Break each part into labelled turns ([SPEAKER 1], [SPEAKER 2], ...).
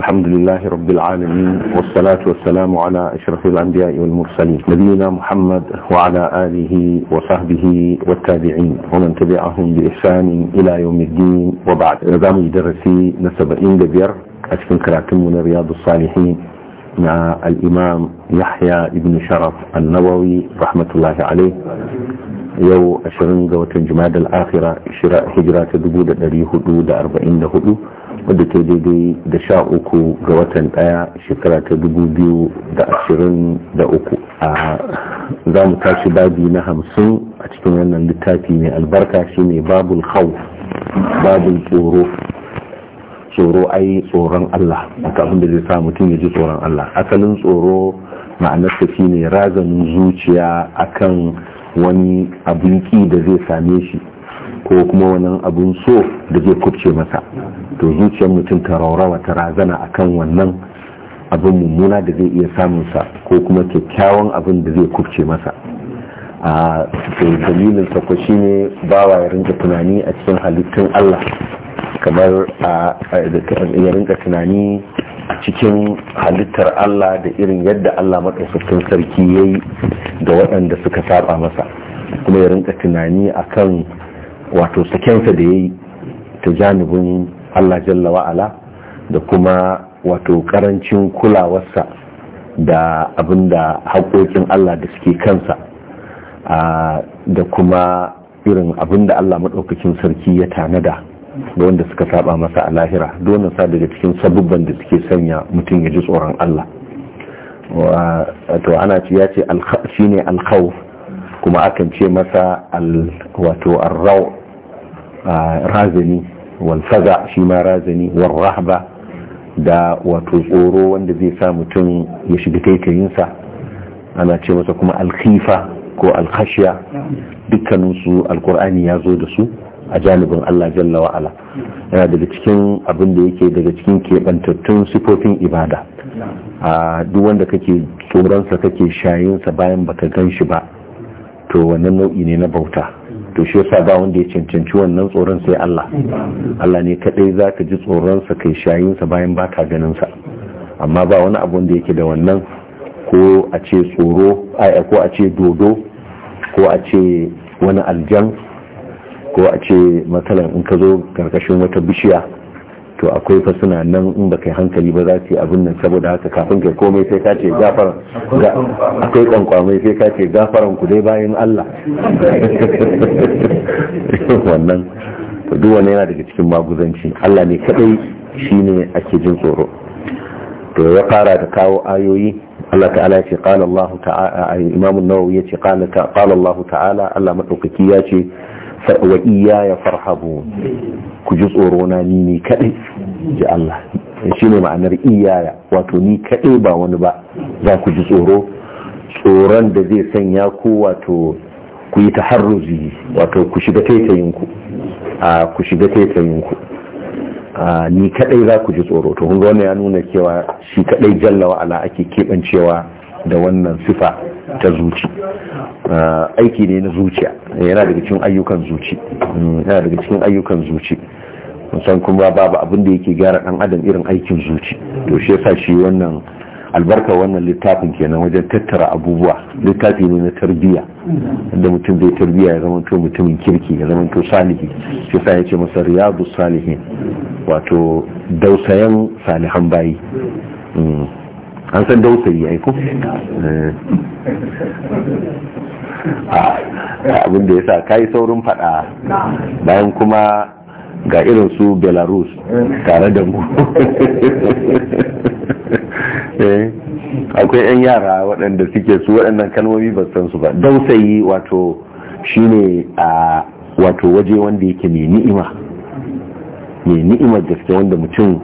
[SPEAKER 1] الحمد لله رب العالمين والصلاة والسلام على أشرف الأنبياء والمرسلين نبينا محمد وعلى آله وصحبه والتابعين ومن تبعهم بإحسان إلى يوم الدين وبعد نظام الدرسي نسب إندبير أشكن كراتمنا رياض الصالحين مع الإمام يحيى بن شرف النووي رحمة الله عليه يو أشرنج وتنجماد الآخرة هجرات دبود الذي هدود أربعين هدود wadda ta daidai da sha uku ga watan daya shekara ta dubu biyu da ashirin da uku a za mu tashi babi na hamsin a cikin wannan littafi mai albarka shine babul hau babul tsoro tsoro ai tsoron Allah a abin da zai sa mutum ya ji tsoron Allah asalin tsoro ma'anarsa shine razanin zuciya akan wani abin da zai same shi ko kuma wani abun so da zai kubce masa to zuciyar mutum ta raurawa ta razana a kan wannan abin mummuna da zai iya samunsa ko kuma kyakkyawan abin da zai kubce masa a dalilin sako shi ne bawa ya rinka tunani a cikin halittun Allah kamar ya rinka tunani a cikin halittar Allah da irin yadda Allah maɗaukakin sarki ya yi ga waɗanda suka saba masa kuma ya rinka tunani akan wato sakensa da ya yi ta janibin Allah jalla wa'ala da kuma wato karancin kulawarsa da abinda haƙoƙin Allah da suke kansa da kuma irin abinda Allah maɗaukakin sarki ya tanada da wanda suka saba masa a lahira donin sa daga cikin sabubban da suke sanya mutum ya ji tsoron Allah wato ana ce ya ce shine alkhawf kuma akan ce masa wato arraw razani walfaza shi ma razani warrahba da wato tsoro wanda zai sa mutum ya shiga taitayinsa ana ce masa kuma alkhifa ko alkhashiya dukkaninsu alkur'ani ya zo da su a janibin Allah jalla wa'ala yana daga cikin abin da yake daga cikin keɓantattun sifofin ibada a duk wanda kake tsoronsa kake shayinsa bayan baka gan shi ba to wannan nau'i ne na bauta to shi yasa ba wanda ya cancanci wannan tsoron sai Allah Allah ne kadai zaka ji tsoron sa kai shayin sa bayan baka ganin sa amma ba wani abu da yake da wannan ko a ce tsoro ko a ce dodo ko a ce wani aljan ko a ce matsalan in ka zo karkashin wata bishiya to akwai fa suna nan in ba kai hankali ba za su abin nan saboda haka kafin kai komai sai ka ce gafar akwai kwankwamai sai ka ce gafaran ku dai bayan Allah wannan to duk wani yana daga cikin maguzanci Allah ne kadai shine ake jin tsoro to ya fara da kawo ayoyi Allah ta'ala ya ce qala Allah ta'ala imamu nawawi ya ce qala Allah ta'ala Allah madaukaki ya ce wa iyaya farhabu, ku ji tsoro na ni ni kadai ji Allah shi ne ma'anar iyaya wato ni kadai ba wani ba za ku ji tsoro tsoron da zai sanya ku wato ku yi ta taharruzi wato ku shiga taitayin ku a ku shiga taitayin ku ni kadai za ku ji tsoro to kun ya nuna cewa shi kaɗai Jallawa ala ake keɓancewa. da wannan sifa ta zuci ah, aiki ne na zuciya yana daga cikin ayyukan zuci hmm, yana daga cikin ayyukan zuci musan kuma babu abin da yake gyara dan adam irin aikin zuci to shi yasa shi wannan albarka wannan littafin kenan wajen tattara abubuwa littafi ne na tarbiya da mutum zai tarbiya ya zama to mutumin kirki ya zama to salihi shi yasa ya masa riyadu salihin wato dausayan salihan bayi hmm. an san dausayi ai eh.
[SPEAKER 2] A ah, abin da
[SPEAKER 1] ya sa ka yi saurin fada bayan kuma ga irin su belarus tare da mu eh, akwai 'yan yara waɗanda suke su waɗannan kalmomi ba san su ba dausayi wato ne a wato waje wanda yake mai ni'ima mai ni'imar gaske wanda mutum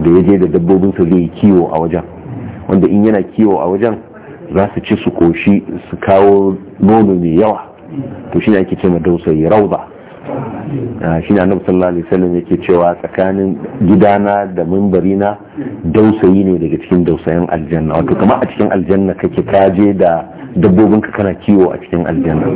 [SPEAKER 1] da ya je da dabbobinsa zai kiwo a wajen wanda in yana kiwo a wajen za su ci su koshi su kawo nono mai yawa to shi ne ake cewa ma dausayi Rauza ah, shi ne annabi sallallahu alaihi wasallam yake cewa tsakanin gidana da mimbarina dausayi ne daga cikin dausayin aljanna wato kamar a cikin aljanna kake kaje da dabbobinka kana kiwo a cikin aljanna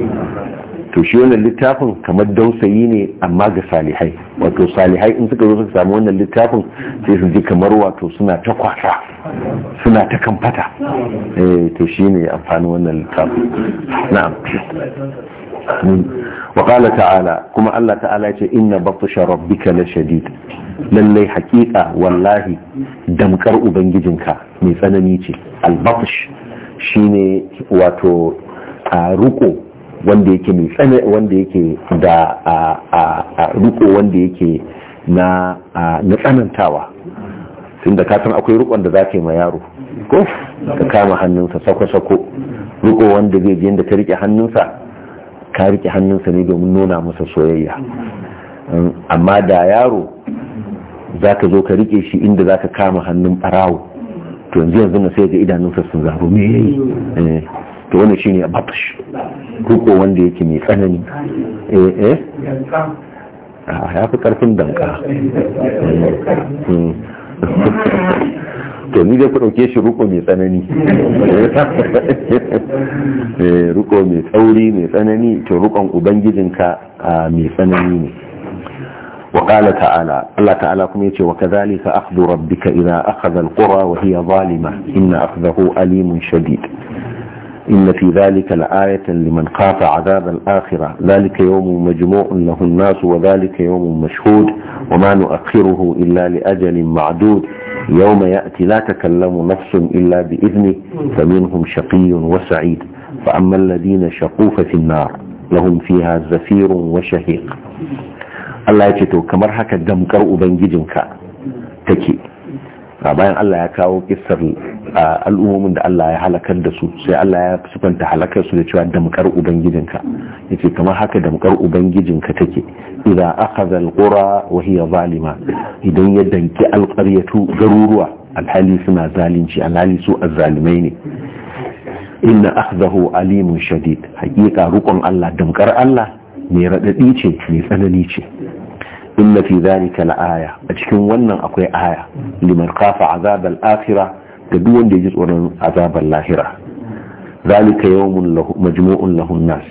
[SPEAKER 1] to shi wannan littafin kamar dausayi ne amma ga salihai wato salihai in suka zo suka samu wannan littafin sai su ji kamar wato suna ta kwasa suna ta kamfata eh to shi ne amfanin wannan littafin na'am wa qala ta'ala kuma Allah ta'ala ya ce inna batsha rabbika la shadid lallai haƙiƙa wallahi damkar ubangijinka mai tsanani ce albatsh shine wato a ruko wanda yake mai tsane wanda yake da riko wanda yake na tsanantawa tun da kasan akwai rikon da za ka yi ma yaro
[SPEAKER 2] ko ka kama
[SPEAKER 1] hannunsa sako-sako riko wanda zai biyan da ka rike hannunsa ka rike hannunsa ne domin nuna masa soyayya mm, amma da yaro za ka zo ka rike shi inda za ka kama hannun barawo to yanzu yanzu na sai ga idanunsa sun zaro me yayi eh. to wannan shine batash ruko wanda yake mai tsanani eh eh ah, ya fi karfin danka hmm. to ni dai ku dauke shi ruko mai tsanani eh, ruko mai tsauri mai tsanani to rukon ubangijinka ah, mai tsanani ne وقال تعالى الله تعالى كم يتي وكذلك أخذ ربك إذا أخذ القرى وهي ظالمة إن أخذه أليم شديد إن في ذلك لآية لمن خاف عذاب الآخرة ذلك يوم مجموع له الناس وذلك يوم مشهود وما نؤخره إلا لأجل معدود يوم يأتي لا تكلم نفس إلا بإذنه فمنهم شقي وسعيد فأما الذين شقوا ففي النار لهم فيها زفير وشهيق الله يتو كمرحك الدمكر أبنجدنك تكي bayan Allah ya kawo kisar al'ummomin da Allah ya halakar da su sai Allah ya sufanta halakar su da cewa damkar ubangijinka yace kamar haka damkar ubangijinka take idan akhadha alqura wa hiya zalima idan ya danki alqaryatu garuruwa alhali suna zalunci alhali su azzalimai ne inna akhdahu alimun shadid hakika rukun Allah damkar Allah mai radadi ce mai tsanani ce inna fi dhalika la'aya a cikin wannan akwai aya liman khafa azabal akhirah da duk wanda ya ji tsoron azabar lahira zalika yawmun majmu'un lahun nas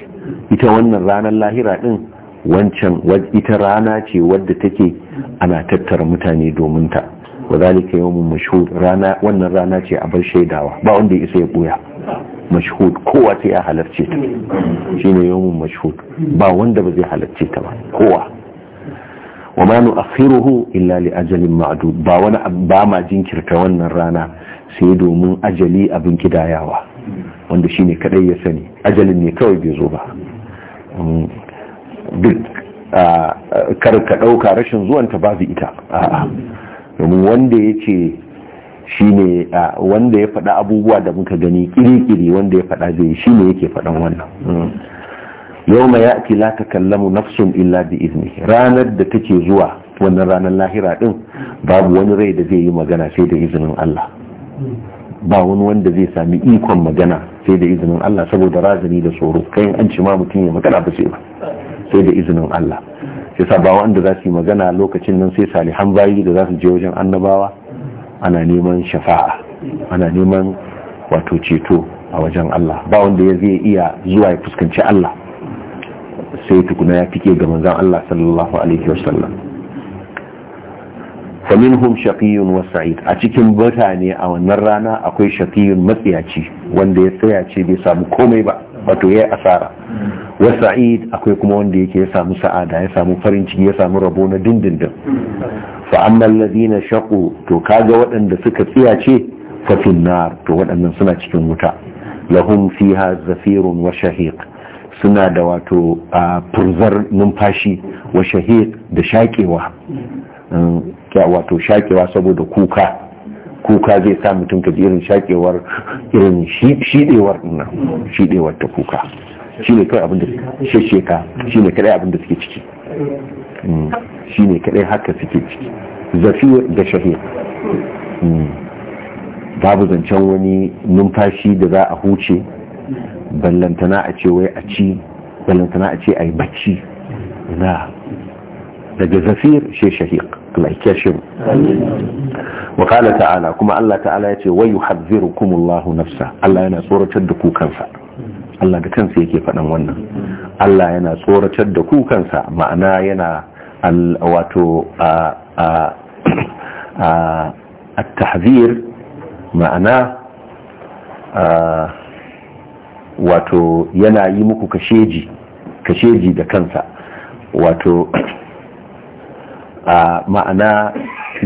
[SPEAKER 1] ita wannan ranar lahira din wancan ita rana ce wadda take ana tattara mutane domin ta wa zalika yawmun mashhud rana wannan rana ce a bar shaidawa ba wanda ya isa ya buya mashhud kowa sai ya halarce ta shine yawmun mashhud ba wanda ba zai halarce ta ba kowa wa ma nu'akhiruhu illa li ajalin ma'dud ba wani ba ma jinkirta wannan rana sai domin ajali abin kidayawa wanda shine kadai ya sani ajalin ne kawai bai zo ba mm, duk kar ka dauka rashin zuwan ta babu ita a'a domin wanda yace shine wanda ya faɗa abubuwa da muka gani kiri-kiri wanda ya faɗa zai shine yake faɗan wannan mm. yau mai ya'ti la kallamu nafsun illa bi izni ranar da take zuwa wannan ranar lahira din babu wani rai da zai yi magana sai da izinin Allah ba wani wanda zai sami ikon magana sai da izinin Allah saboda razani da tsoro kai an ci ma mutum ya magana ba sai ba sai da izinin Allah sai sa ba wanda za su yi magana lokacin nan sai salihan bayi da za su je wajen annabawa ana neman shafa'a ana neman wato ceto a wajen Allah ba wanda ya zai iya zuwa ya fuskanci Allah sai tukuna ya fike ga manzan Allah sallallahu alaihi wasallam faminhum shaqiyun wa sa'id a cikin mutane a wannan rana akwai shaqiyun matsiyaci wanda ya tsaya ce bai samu komai ba wato yayi asara wa sa'id akwai kuma wanda yake ya samu sa'ada ya samu farin ciki ya samu rabo na dindindin fa amma alladhina shaqu to kaga waɗanda suka tsiyace fa finnar to waɗannan suna cikin wuta lahum fiha zafirun wa shahiq suna da wato furzar numfashi wa shahiq da shakewa mm, wato shakewa saboda kuka kuka zai sa mutum ka ji irin shakewar irin shidewar nan shidewar ta kuka shi ne kai abinda shasheka shi ne kadai abinda suke ciki mm, shi ne kadai haka suke ciki zafi da shahe mm, babu zancen wani numfashi da za a huce ballantana a ce wai a ci ballantana a ce a yi bacci na daga zafir shi shahiq Allah ya wa kala ta'ala kuma Allah ta'ala ya ce wai wa yuhadhdhirukum Allah nafsa Allah yana tsoratar da kukansa. Allah da kansa yake faɗan wannan Allah yana tsoratar da kukansa ma'ana yana wato a a a ma'ana wato yana yi muku kasheji kasheji da kansa wato a ma'ana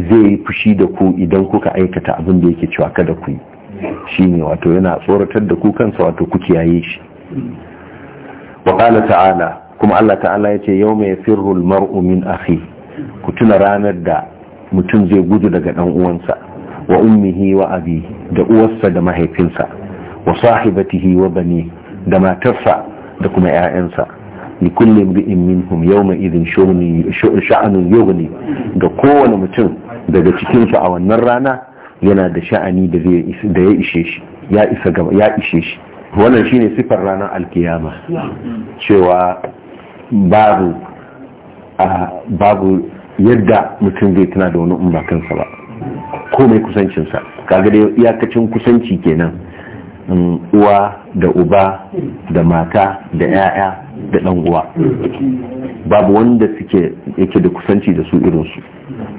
[SPEAKER 1] zai fushi da ku idan kuka aikata abin da yake cewa kada ku yi shine wato yana tsoratar da ku kansa wato ku kiyaye shi
[SPEAKER 2] wa ta'ala
[SPEAKER 1] kuma Allah ta'ala ya ce yau mai firul mar'u min akhi ku tuna ranar da mutum zai gudu daga dan uwansa wa ummihi wa abi da uwarsa da mahaifinsa wa sahibatihi wa bani da matarsa da kuma 'ya'yansa ni kulli imri'in minhum yawma idhin sha'anun yughni da kowane mutum daga cikin su a wannan rana yana da sha'ani da zai da ya ishe shi ya isa gaba ya ishe shi wannan shine sifar ranar alkiyama cewa babu babu yadda mutum zai tuna da wani umbakansa ba komai kusancinsa kaga da iyakacin kusanci kenan Mm, uwa da uba da mata da 'ya'ya da ɗan uwa babu wanda suke yake da kusanci da su irinsu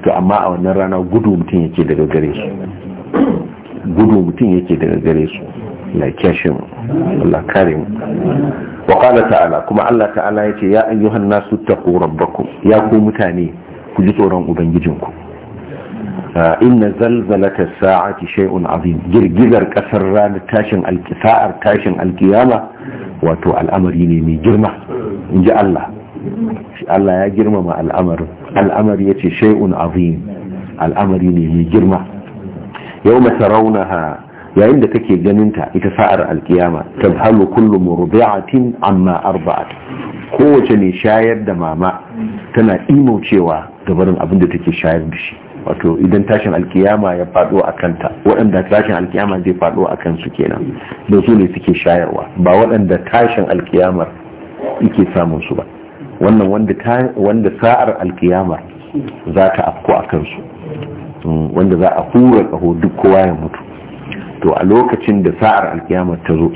[SPEAKER 1] to amma a wannan rana gudu mutum yake daga gare su gudu mutum yake daga gare su na kashin Allah karim wa qala ta'ala kuma Allah ta'ala yace ya ayyuhan nasu taqu rabbakum ya ku mutane ku ji tsoron ubangijinku inna zalzalata sa'ati shay'un azim girgizar kasar ranar tashin alkisa'ar tashin alkiyama wato al'amari ne mai girma in ji Allah Allah ya girmama al'amarin al'amari ya ce shay'un azim al'amari ne mai girma yau masaraunaha yayin da kake ganinta ita sa'ar alkiyama tabhalu kullum murdi'atin amma arba'at kowace ne shayar da mama tana cewa gabarin abin da take shayar da shi wato idan tashin alkiyama ya faɗo a kanta waɗanda tashin alkiyama zai faɗo a kansu kenan da su ne suke shayarwa ba waɗanda tashin alkiyamar yake samun su ba wannan wanda sa'ar alkiyamar za ta afko a kansu mm, wanda za a hura ƙaho duk kowa ya mutu to a lokacin da sa'ar alkiyamar ta zo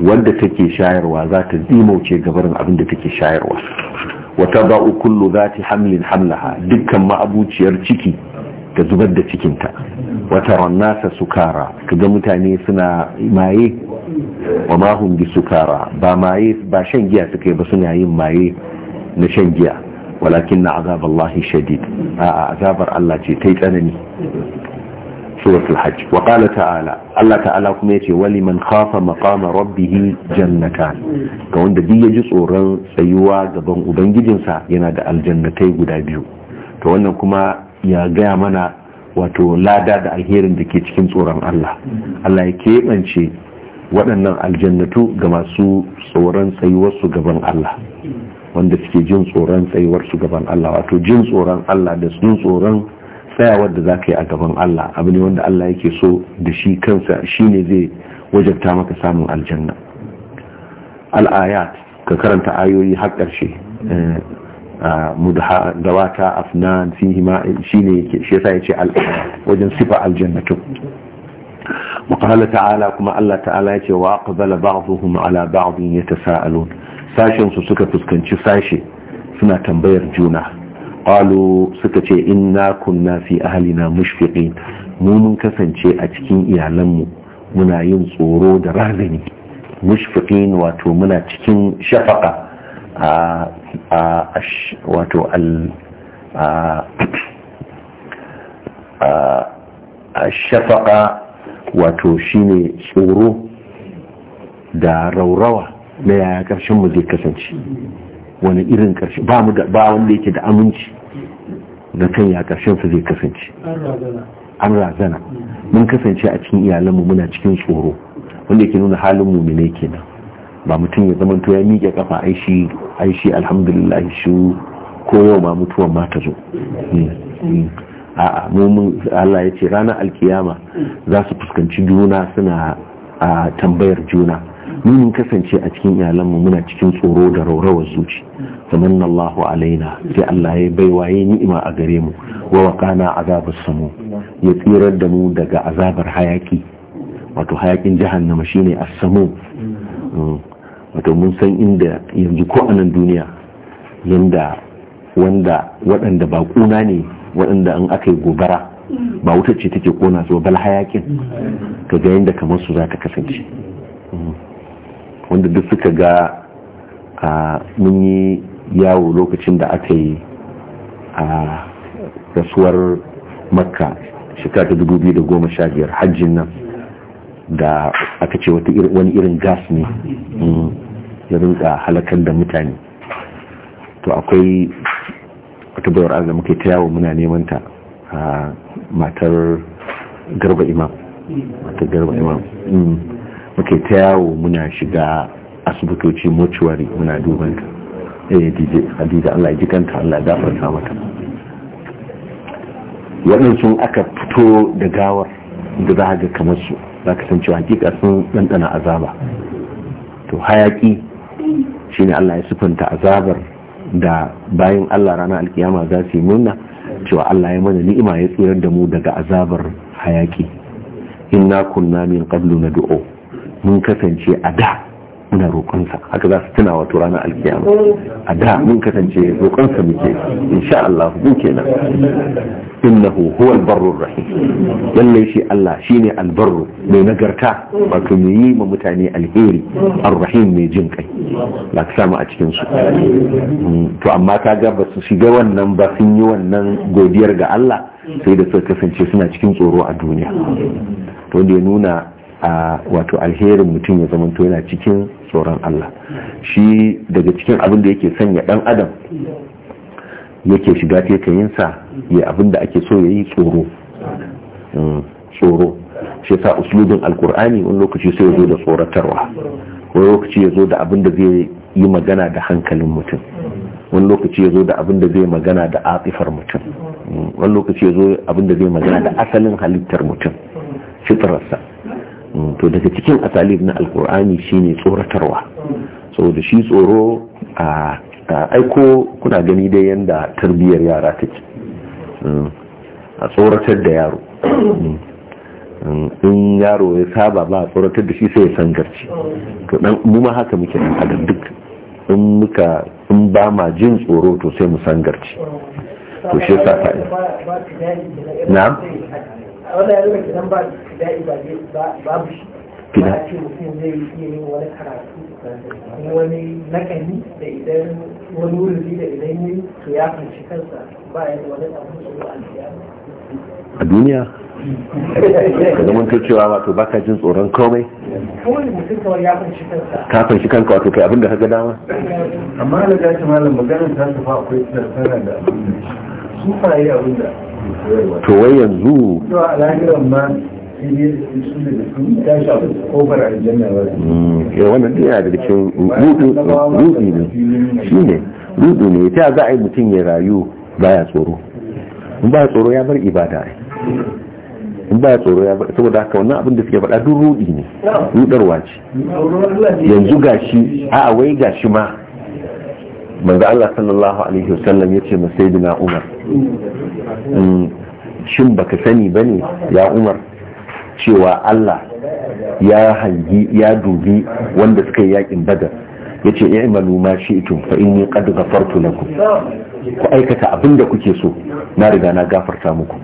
[SPEAKER 1] wanda take shayarwa za ta zimauce gabarin abin da take shayarwa Wata ba'u kullu zati hamlin hamlaha dukkan ma'abuciyar ciki ta zubar da cikinta Wata taron sukara kaga mutane suna maye wa mahum bi sukara ba maye ba shan giya suka yi ba suna yin maye na shan giya walakin na azaballahi shadid a azabar Allah ce ta yi tsanani suratul hajj wa qala ta'ala Allah ta'ala kuma yace wali man khafa maqama rabbih jannatan ga wanda duk yaji tsoron tsayuwa gaban ubangijinsa yana da aljannatai guda biyu to wannan kuma ya gaya mana wato lada da alherin da ke cikin tsoron Allah Allah ya keɓance waɗannan aljannatu ga masu tsoron tsayuwarsu gaban Allah wanda suke jin tsoron tsayuwarsu gaban Allah wato jin tsoron Allah da sun tsoron tsaya wadda za ka yi a gaban Allah abu ne wanda Allah yake so da shi kansa shi ne zai wajabta maka samun aljanna al'ayat ka karanta ayoyi har ƙarshe eh, dawata afnan fihima shi ne shi yasa yace ce wajen sifa aljannatu wa ta'ala kuma Allah ta'ala ya ce wa aqbala ba'dhum ala ba'dhin yatasaalun sashin su suka fuskanci sashe suna tambayar juna qalu suka ce inna kunna fi ahlina mushfiqin mu mun kasance a cikin iyalanmu muna yin tsoro da razani mushfiqin wato muna cikin shafaka a wato al a shafaka wato shine tsoro da raurawa na yaya karshen mu zai kasance wani irin karshe ba wanda yake da aminci da kan ya karshen su zai kasance an razana mun kasance a cikin iyalanmu muna cikin tsoro wanda yake nuna halin mu mumine kenan ba mutum ya zama ya miƙe kafa aishi aishi alhamdulillah shi ko yau ma mutuwan ma ta zo hmm. Hmm. a'a mu Allah ya ce ranar alkiyama za su fuskanci juna suna a tambayar juna mun kasance a cikin iyalanmu muna cikin tsoro da raurawar zuci zaman Allahu alaina sai Allah ya baiwa ya ni'ima a gare mu wa waqana azabar samu ya tsirar da mu daga azabar hayaki wato hayakin jahannama shine a samu mm. wato mun san inda yanzu ko anan duniya yanda wanda waɗanda kuna ne waɗanda an aka yi gobara ba wutar ce take kona su bal hayakin ka ga yadda kamar su za ka kasance wanda duk suka ga a mun yi yawo lokacin da aka yi a rasuwar makka shekara ta 2015 hajjin nan da aka ce wani irin gas ne mm, ya rinka halakar da mutane to akwai wata bayar arzikin muke ta yawo muna neman ta matar garba imam matar garba imam mm. muke ta yawo muna shiga asibitoci mortuary muna duban ta eh dide hadida Allah ya jikanta Allah ya ta mata waɗansu aka fito da gawar da za ga kamar su za ka san cewa hakika sun ɗanɗana azaba to hayaƙi shine Allah ya sufanta azabar da bayan Allah rana alkiyama za su yi murna cewa Allah ya mana ni'ima ya tsirar da mu daga azabar hayaki inna kunna min qablu nad'u mun kasance a da muna roƙonsa haka za su tuna wato ranar alkiyama a da mun kasance roƙonsa muke insha Allah mu kenan innahu huwal barrur rahim lalle shi Allah shine albarru mai nagarta wato mai yi ma mutane alheri arrahim mai jin kai ba ka samu a cikin su to amma ka ga ba su shiga wannan ba sun yi wannan godiyar ga Allah sai da suka kasance suna cikin tsoro a duniya to da ya nuna a wato alherin mutum ya zamanto yana cikin tsoron Allah shi daga cikin abin da yake sanya dan adam yake shiga sa ya abin da ake so ya yi tsoro mm, tsoro shi sa uslubin alkur'ani wani lokaci sai ya zo da tsoratarwa wani lokaci ya zo da abin da zai yi magana da hankalin mutum wani lokaci ya zo da abin da zai magana da atsifar mutum mm, wani lokaci ya zo abin da zai magana da asalin halittar mutum fitararsa Mm, to daga cikin asali na alkur'ani shine tsoratarwa saboda shi tsoro a aiko kuna gani dai yadda tarbiyyar yara take mm, a tsoratar da yaro mm, in yaro ya saba ba a tsoratar da shi sai ya san garci to dan muma haka muke dan adam duk in muka in ba ma jin tsoro to sai mu san garci to shi yasa fa'i Na. wannan ya nuna kenan ba da'i ba babu shi ba a ce mutum zai iya yin wani karatu wani nakali da idan wani wuri da idan yi to ya fanci kansa ba ya da wani abu tsoro a duniya ka zama to cewa wato baka jin tsoron komai ka fanshi kanka wato kai abinda ka ga dama
[SPEAKER 2] amma da gashi malam maganar ta tafa akwai tsarfara da abin da su faye abin da to
[SPEAKER 1] wai yanzu
[SPEAKER 2] ya mm, eh, wannan dina da cikin rudu ne shi ne
[SPEAKER 1] rudu ne ta za a yi mutum ya rayu baya tsoro in baya tsoro ya bar ibada in baya tsoro ya bar saboda haka wannan abin da suke faɗa duk rudu ne rudarwa ce
[SPEAKER 2] yanzu gashi
[SPEAKER 1] a wai gashi ma manzo Allah sallallahu alaihi wasallam yace ma sayyidina Umar
[SPEAKER 2] hmm,
[SPEAKER 1] shin baka sani bane ya Umar cewa Allah ya hangi ya dubi wanda suka yi yakin badar yace i'malu ma fa inni qad ghafartu lakum
[SPEAKER 2] ku aikata
[SPEAKER 1] abin da kuke so na riga na gafarta muku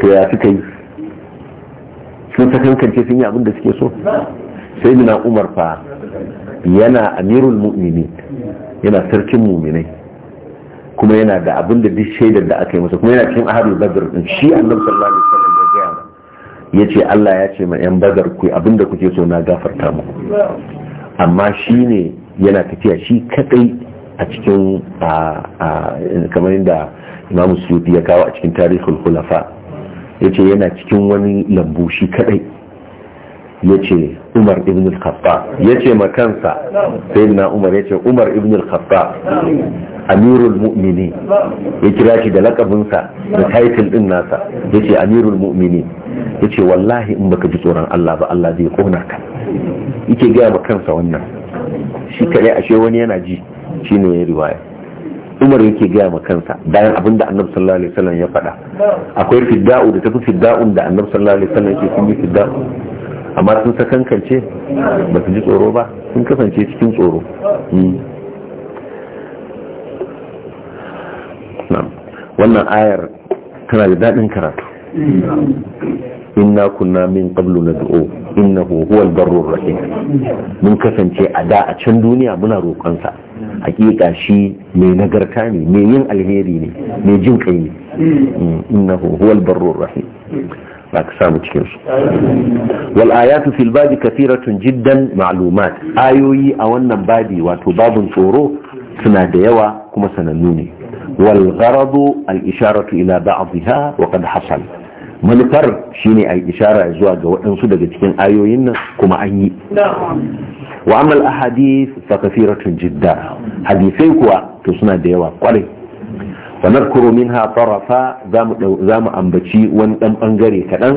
[SPEAKER 1] to ya suka yi sun sakankance sun yi abin da suke so sayyidina umar fa yana amirul mu'minin yana sarkin muminai kuma yana da abin da duk shaidar da aka yi masa kuma yana cikin ahlul badr din shi annabi sallallahu alaihi wasallam ya gaya ya ce Allah ya ce ma yan badar ku abin da kuke so na gafarta muku amma shi ne yana tafiya shi kadai a cikin kamar inda imam suyuti ya kawo a cikin tarihul khulafa yace yana cikin wani lambu shi kadai ya ce umar ibn al-khattab ya ce makansa sai na umar ya ce umar ibn al-khattab amirul mu'mini
[SPEAKER 2] ya kira shi da
[SPEAKER 1] lakabinsa da title din nasa ya ce amirul mu'mini ya ce wallahi in baka ji tsoron Allah ba Allah zai kona ka yake gaya ma kansa wannan shi kare ashe wani yana ji shine ya riwaya umar yake gaya ma kansa bayan abin da annabi sallallahu alaihi wasallam ya faɗa akwai fidda'u da tafi fidda'un da annabi sallallahu alaihi wasallam yake kuma yi fidda'u amma sun ta kankance ba su ji tsoro ba sun kasance cikin tsoro hmm. wannan ayar tana da daɗin karatu inna kunna min qablu nad'u innahu huwal barrur rahim mun kasance a da a can duniya muna roƙonsa hakika shi mai nagarta ne mai yin alheri ne mai jin kai ne
[SPEAKER 2] hmm.
[SPEAKER 1] innahu huwal barrur rahim ba ka samu cikin su wal ayatu fil babi kathiratun jiddan ma'lumat ayoyi a wannan babi wato babun tsoro suna da yawa kuma sanannu ne wal gharadu al isharatu ila ba'dha wa qad hasal manufar shine al ishara zuwa ga waɗansu daga cikin ayoyin nan kuma an yi wa amma al ahadith fa kathiratun jiddan hadisai kuwa to suna da yawa kwarai wa nadkuru minha tarafa za mu ambaci wani ɗan ɓangare kaɗan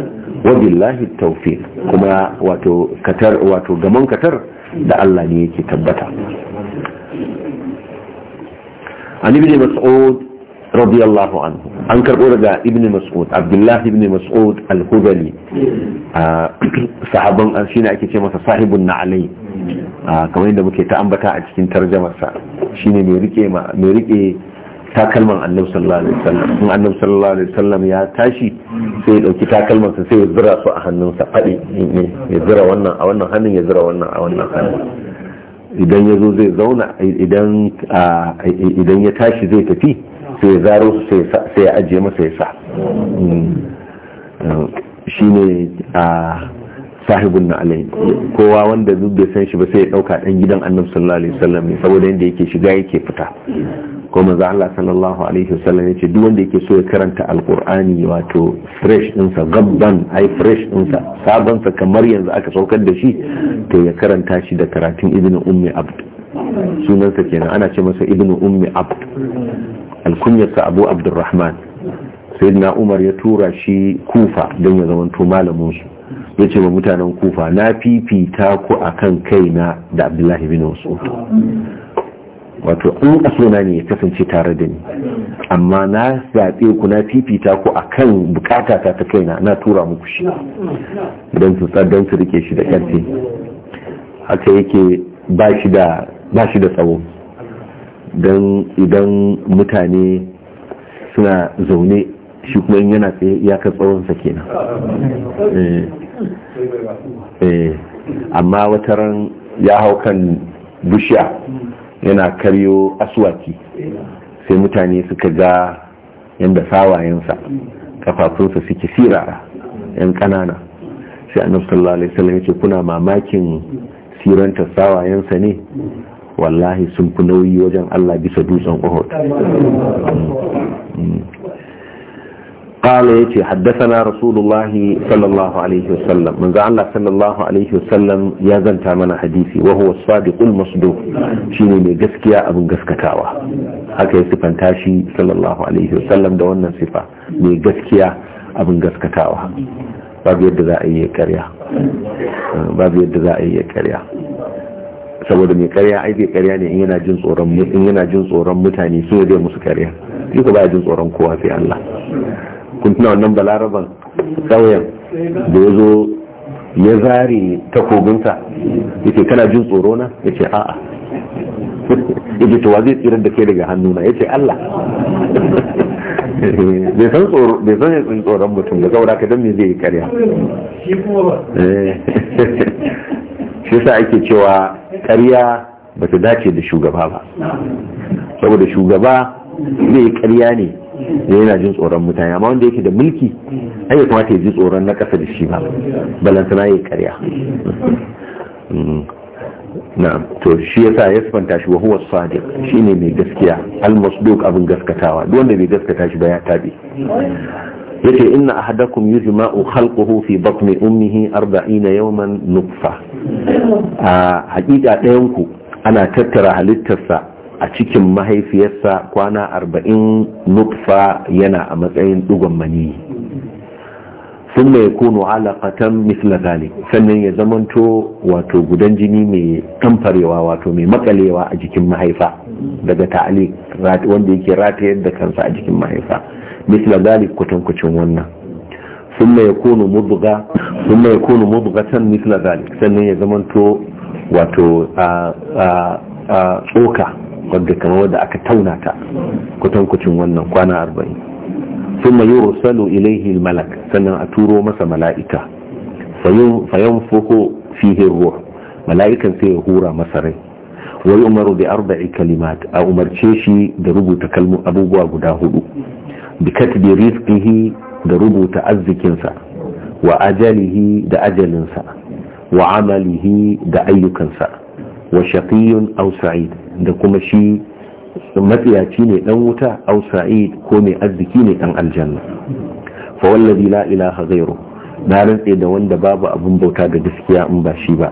[SPEAKER 1] wa billahi tawfiq kuma wato gaman katar da Allah ne yake tabbata an ibn mas'ud radiyallahu anhu an karɓo daga ibn mas'ud abdullah ibn mas'ud al-hudali sahaban shine ake ce masa sahibun na'alai kamar yadda muke ta ambata a cikin tarjamarsa shine mai rike takalman annabi sallallahu alaihi wasallam in annabi sallallahu alaihi wasallam ya tashi sai ya dauki takalman sa sai ya zura su a hannunsa fadi ya zura wannan a wannan hannun ya zura wannan a wannan hannun idan ya zo zai zauna idan idan ya tashi zai tafi sai ya zaro su sai ya ajiye masa ya sa hmm. shine a sahibun na alai kowa wanda duk bai san shi ba sai ya dauka dan gidan annabi sallallahu alaihi wasallam ne saboda yanda yake shiga yake fita ko manzo Allah sallallahu alaihi wasallam yace duk wanda yake so ya karanta alqur'ani wato fresh din sa gabban ai fresh din sa sabon sa kamar yanzu aka saukar da shi to ya karanta shi da karatun ibnu ummi abd sunan sa kenan ana ce masa ibnu ummi abd alkunyarsa abu abdurrahman sayyidina umar ya tura shi kufa don ya zamanto malamin su ya ce wa mutanen kufa na fifita ku akan kan kaina da abdullahi bin mas'ud wato in asuna ne ya kasance tare da ni amma na zaɓe ku na fifita ku akan kan bukata ta ta kaina na tura muku shi don su tsaddan su rike shi da ƙarfi haka yake ba shi da tsawo don idan mutane suna zaune shi kuma yana tsaye iyakar tsawonsa kenan eh. Eh, amma wata ran ya hau kan bishiya yana karyo aswaki sai mutane suka ga yadda sawayensa kafafunsa suke sirara yan kanana sai annabi sallallahu alaihi wasallam yace kuna mamakin siranta sawayensa ne wallahi sun fi nauyi wajen Allah bisa dutsen Uhud قال يتي حدثنا رسول الله صلى الله عليه وسلم من ذا الله صلى الله عليه وسلم يا زنت من حديثي وهو الصادق المصدوق شيني مي غسكيا ابن غسكتاوا هكا يصفن تاشي صلى الله عليه وسلم da wannan sifa mai gaskiya abin gaskatawa babu yadda yadda za a karya saboda mai karya ai karya ne in yana jin tsoron in yana jin tsoron mutane sai zai musu karya shi ba jin tsoron kowa sai Allah kun tuna wannan balaraban ƙauyen da ya zo ya zare takobinta ya ce kana jin tsoro na ya ce a'a ya ce towa zai tsirar da kai daga hannuna ya ce Allah bai san tsoro ya tsin tsoron mutum da saboda kadan me zai yi karya
[SPEAKER 2] shi eh.
[SPEAKER 1] sa ake cewa karya ba ta dace da shugaba ba saboda shugaba zai yi karya ne yana jin tsoron mutane amma wanda yake da mulki ai ya kamata ya ji tsoron na ƙasa da shi ba balantana ya karya mm. na'am to shi yasa ya sifanta shi wa huwa sadiq shine mai gaskiya al-masduq abin gaskatawa duk wanda bai gaskata shi ba ya tabe yace inna ahadakum yuzma'u khalquhu fi batni ummihi 40 yawman nutfa a hakika ɗayan ku ana tattara halittarsa a cikin mahaifiyarsa kwana arba'in nufa yana a matsayin dugon mani. sun mai kunu alaƙatan misla zalik sannan ya zamanto wato gudan jini mai tamfarewa wato mai makalewa a jikin mahaifa daga ta'ali wanda yake ratayar da kansa a jikin mahaifa misla zalik kutankucin wannan sun mai kunu mudga sun mai kunu mudgatan misla zalik sannan ya zamanto wato a tsoka wadda kamar wadda aka tauna ta kutankucin wannan kwana arba'in sun mai yursalu ilaihi malak sannan a turo masa mala'ika fayan fuhu fihin ruwa mala'ikan sai ya hura masa rai wai umaru bi arba'i kalimat a umarce shi da rubuta kalmu abubuwa guda hudu bi katbi rizqihi da rubuta arzikinsa wa ajalihi da ajalinsa wa amalihi da ayyukansa wa shaqiyun aw sa'id da kuma shi matsiyaci ne dan wuta aw sa'id ko mai arziki ne dan aljanna fa wallazi la ilaha ghayru na rantse da wanda babu abun bauta da gaskiya in ba shi ba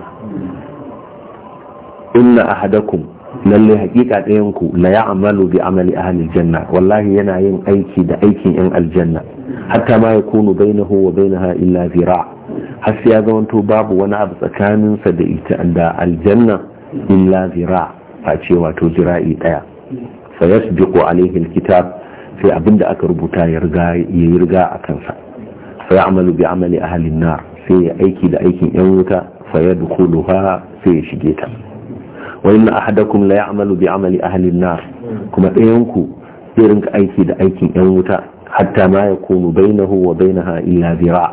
[SPEAKER 1] inna ahadakum lalle hakika ɗayan ku la ya'malu bi amali ahli janna wallahi yana yin aiki da aikin yan aljanna hatta ma yakunu bainahu wa bainaha illa zira' har sai ya zamanto babu wani abu tsakaninsa da ita da aljanna illa zira ce wato zira'i daya fa yasbiqu alayhi alkitab sai abinda aka rubuta ya riga ya riga a kansa fa ya'malu bi amali ahli nar sai ya aiki da aikin yan wuta fa yadkhuluha sai ya shige ta wa inna ahadakum la ya'malu bi amali ahli nar kuma ɗayan ku zai rinka aiki da aikin yan wuta hatta ma yakunu bainahu wa bainaha illa zira'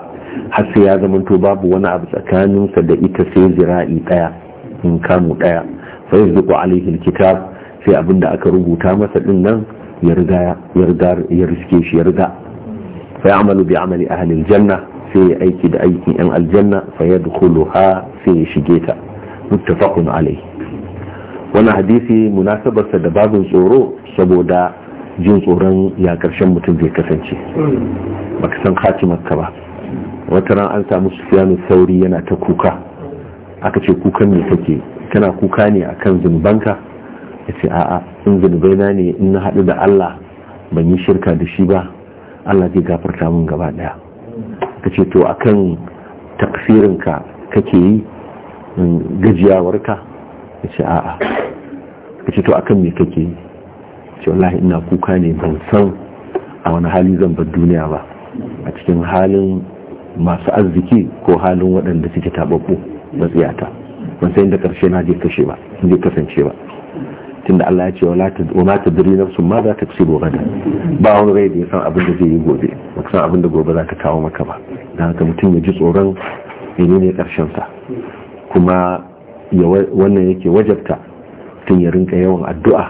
[SPEAKER 1] har sai ya zamanto babu wani abu tsakaninsa da ita sai zira'i ɗaya. cikin kamu daya fa yasbiqu alayhi alkitab sai abinda aka rubuta masa din nan ya riga ya riga ya riske shi ya riga fa ya'malu bi amali ahli aljanna sai ya aiki da aikin yan aljanna fa yadkhuluha sai ya shige ta muttafaqun alayhi wannan hadisi munasabarsa da babin tsoro saboda jin tsoron ya karshen mutum zai kasance baka san ka ba wata ran an samu sufiyanu sauri yana ta kuka aka ce kukan ne kake kana kuka ne a kan zunubanka ya ce a'a in zunubai na ne in na haɗu da Allah ban yi shirka da shi ba Allah zai gafarta min gaba ɗaya ka ce to a kan takfirinka kake yi mm, gajiyawarka ya ce a'a ka ce to a kan me kake yi ce wallahi ina kuka ne ban san a wani hali zan bar duniya ba a cikin halin masu arziki ko halin waɗanda suke taɓaɓɓu matsiyata ban sai inda karshe na je kashe ba in kasance ba tunda Allah ya ce wa ma na sun ma za ta ci gobe ba wani rai da ya san abin da zai yi gobe ba san abin da gobe za ta kawo maka ba Da haka mutum ya ji tsoron ne karshen sa kuma wannan yake wajabta tun ya rinka yawan addu'a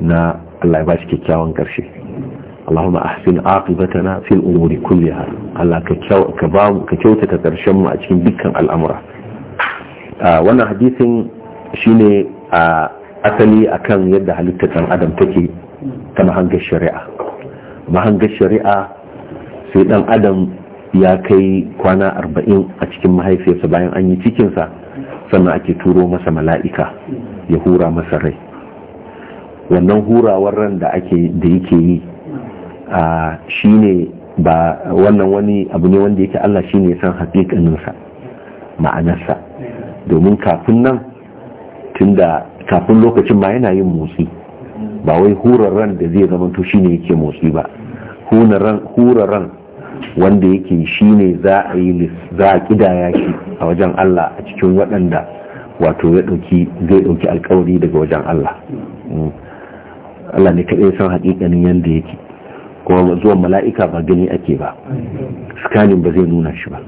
[SPEAKER 1] na Allah ya ba shi kyakkyawan karshe اللهم fil عاقبتنا في Allah ka kyautata ƙarshen mu a cikin dukkan al'amura wannan hadisin shine a asali akan yadda halittar ɗan adam take ta mahangar shari'a mahangar shari'a sai ɗan adam ya kai kwana arba'in a cikin mahaifiyarsa bayan an yi cikinsa sannan ake turo masa mala'ika ya hura masa rai wannan hurawar ran da ake da yake yi a shine ba wannan wani abu ne wanda yake Allah shine san hakikaninsa ma'anarsa domin kafin nan tun da kafin lokacin ma yana yin motsi ba wai ran da zai zama to shine yake motsi ba ran wanda yake shine za a yi za a kidaya shi a wajen Allah a cikin waɗanda wato ya ɗauki zai ɗauki alkawari daga wajen Allah mm. Allah ne kaɗai san haƙiƙanin yadda yake kuma zuwan mala'ika ba gani ake ba scanning ba zai nuna shi ba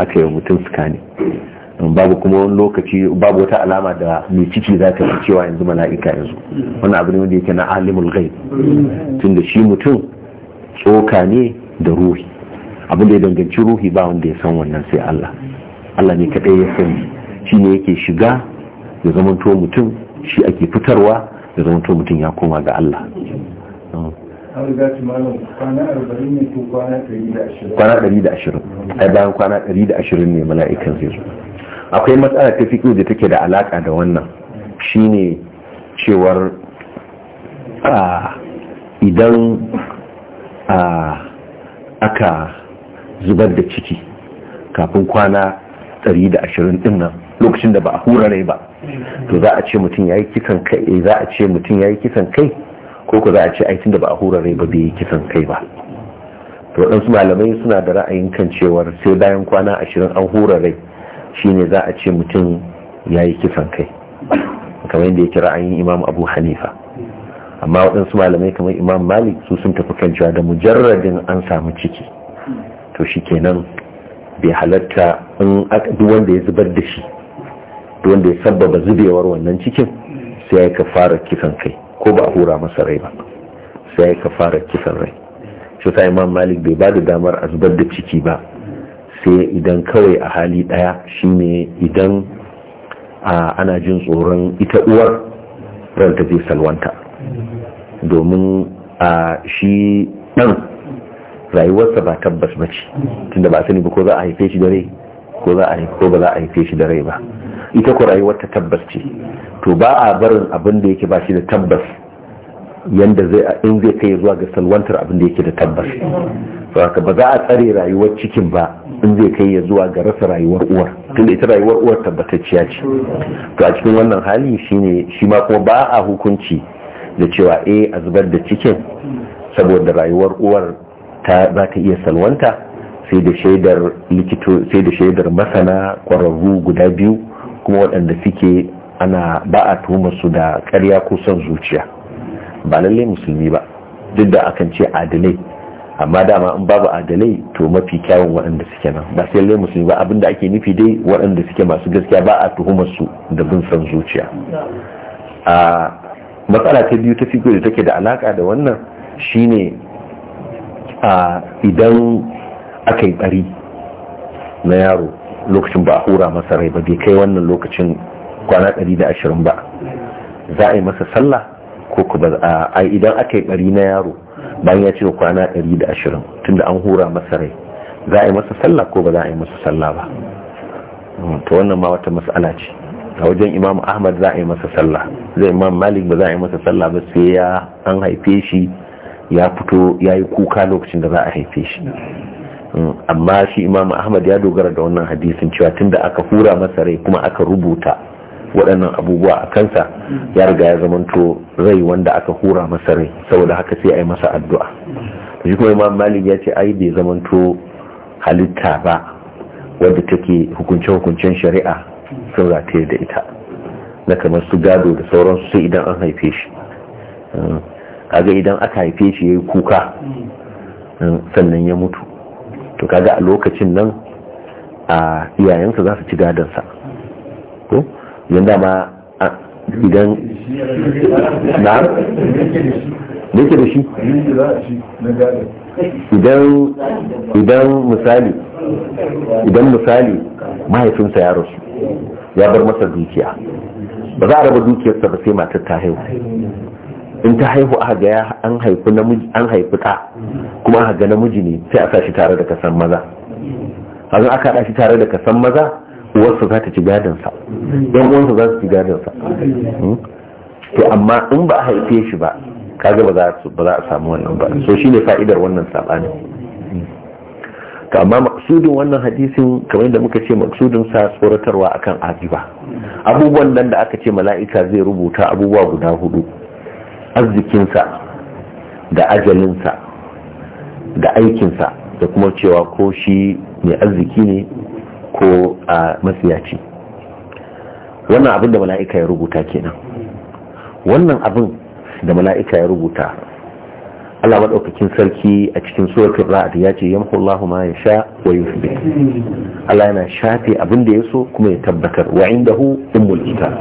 [SPEAKER 1] aka yi mutum scanning babu kuma wani lokaci babu wata alama da mai ciki za ta fi cewa yanzu mala'ika yanzu wani abu ne wanda yake na alimul ghaib tunda shi mutum tsoka ne da ruhi abin da ya danganci ruhi ba wanda ya san wannan sai Allah Allah ne kadai ya san shi ne yake shiga ya to mutum shi ake fitarwa ya to mutum ya koma ga Allah kwana 120 bayan kwana 120 ne mala'ikan zai zo akwai matsala ta fiƙi da take da alaƙa da wannan shine cewar idan aka zubar da ciki kafin kwana 120 din nan lokacin da ba a hura rai ba to za a ce mutum ya yi kisan kai eh, za a ce mutum ya yi kisan kai ko ko za a ce aikin da ba a hura rai ba bai yi kisan kai ba to waɗansu malamai suna da ra'ayin kan cewar sai bayan kwana 20 an hura rai shine za a ce mutum ya yi kisan kai kamar yadda ya kira yi imam abu hanifa amma waɗansu malamai kamar imam malik su sun tafi kan cewa da mujarradin an samu ciki to shi kenan bai halatta in duk wanda ya zubar da shi duk wanda ya sabbaba zubewar wannan cikin sai ya fara kisan kai ko ba a hura masa rai ba sai ya fara kisan rai shi sa imam malik bai ba da damar a zubar da ciki ba sai idan kawai a hali ɗaya shine idan ana jin tsoron ita uwar ranta zai salwanta domin a shi ɗan rayuwarsa ba tabbas ba ce tunda ba sani ba ko za a haife shi da rai ko za a ko ba za a haife shi da rai ba ita ko rayuwarta tabbas ce to ba a barin abin da yake ba shi da tabbas yanda in zai kai zuwa ga salwantar abin da yake da tabbas saboda ba za a tsare rayuwar cikin ba in zai kai ya zuwa ga rasa rayuwar uwar tunda ita rayuwar uwar tabbatacciya ce to a cikin wannan hali shine shi ma kuma ba a hukunci da cewa eh a zubar da cikin saboda rayuwar uwar ta za ta iya salwanta sai da shaidar likito sai da shaidar masana kwararru guda biyu kuma waɗanda suke ana ba a tuhumar su da ƙarya ko son zuciya ba lalle musulmi ba duk da akan ce adalai amma dama in babu adalai to mafi kyawun waɗanda suke nan ba sai lalle musulmi ba abinda ake nufi dai waɗanda suke masu gaskiya ba a tuhumar su da bin san zuciya a matsala ta biyu ta fiko da take da alaka da wannan shine a idan aka yi bari na yaro lokacin ba a hura masa rai ba bai kai wannan lokacin kwana 120 ba za a yi masa sallah ko kuma a idan aka yi bari na yaro bayan ya ce kwana 120 tunda an hura masa rai za a yi masa sallah ko ba za a yi masa sallah ba hmm, to wannan ma wata mas'ala ce a wajen imam ahmad za a yi masa sallah zai imam malik ba za a yi masa sallah ba sai ya an haife shi ya fito ya yi kuka lokacin da za a haife shi hmm, amma shi imam ahmad ya dogara da wannan hadisin cewa tunda aka hura masa rai kuma aka rubuta waɗannan abubuwa a kansa ya riga ya zamanto rai wanda aka hura masa rai saboda haka sai a yi masa addu'a shi kuma imam malik ya ce ai bai zamanto halitta ba wadda take hukunce-hukuncen shari'a sun rataye da ita na kamar su gado da sauransu sai idan an haife shi kaga idan aka haife shi ya yi kuka sannan ya mutu to kaga a lokacin nan a iyayensa za su ci sa. yanda ma idan na da yake da shi
[SPEAKER 2] idan misali idan misali
[SPEAKER 1] mahaifinsa ya rasu ya bar masa dukiya ba za a raba dukiyarsa ba sai matar ta haihu in ta haihu aka ga an haifi namiji an haifi ɗa kuma aka ga namiji ne sai a sa shi tare da kasan maza hazin aka haɗa shi tare da kasan maza uwarsa za ta ci gadonsa yan uwansa za su ci gadonsa hmm? to amma in ba a haife shi ba kaga ba za a samu wannan ba so shi ne fa'idar wannan saɓani hmm? to amma maksudin wannan hadisin kamar yadda muka ce maksudin sa tsoratarwa akan aziba abubuwan nan da aka ce mala'ika zai rubuta abubuwa guda hudu arzikinsa da ajalinsa da aikinsa da kuma cewa ko shi mai arziki ne ko a matsiyaci wannan abin da mala'ika ya rubuta kenan wannan abin da mala'ika ya rubuta Allah maɗaukakin sarki a cikin suratul ra'd ya ce yamhu Allahu ma yasha wa yuthbit Allah yana shafe abin da so kuma ya tabbatar wa hu ummul kitab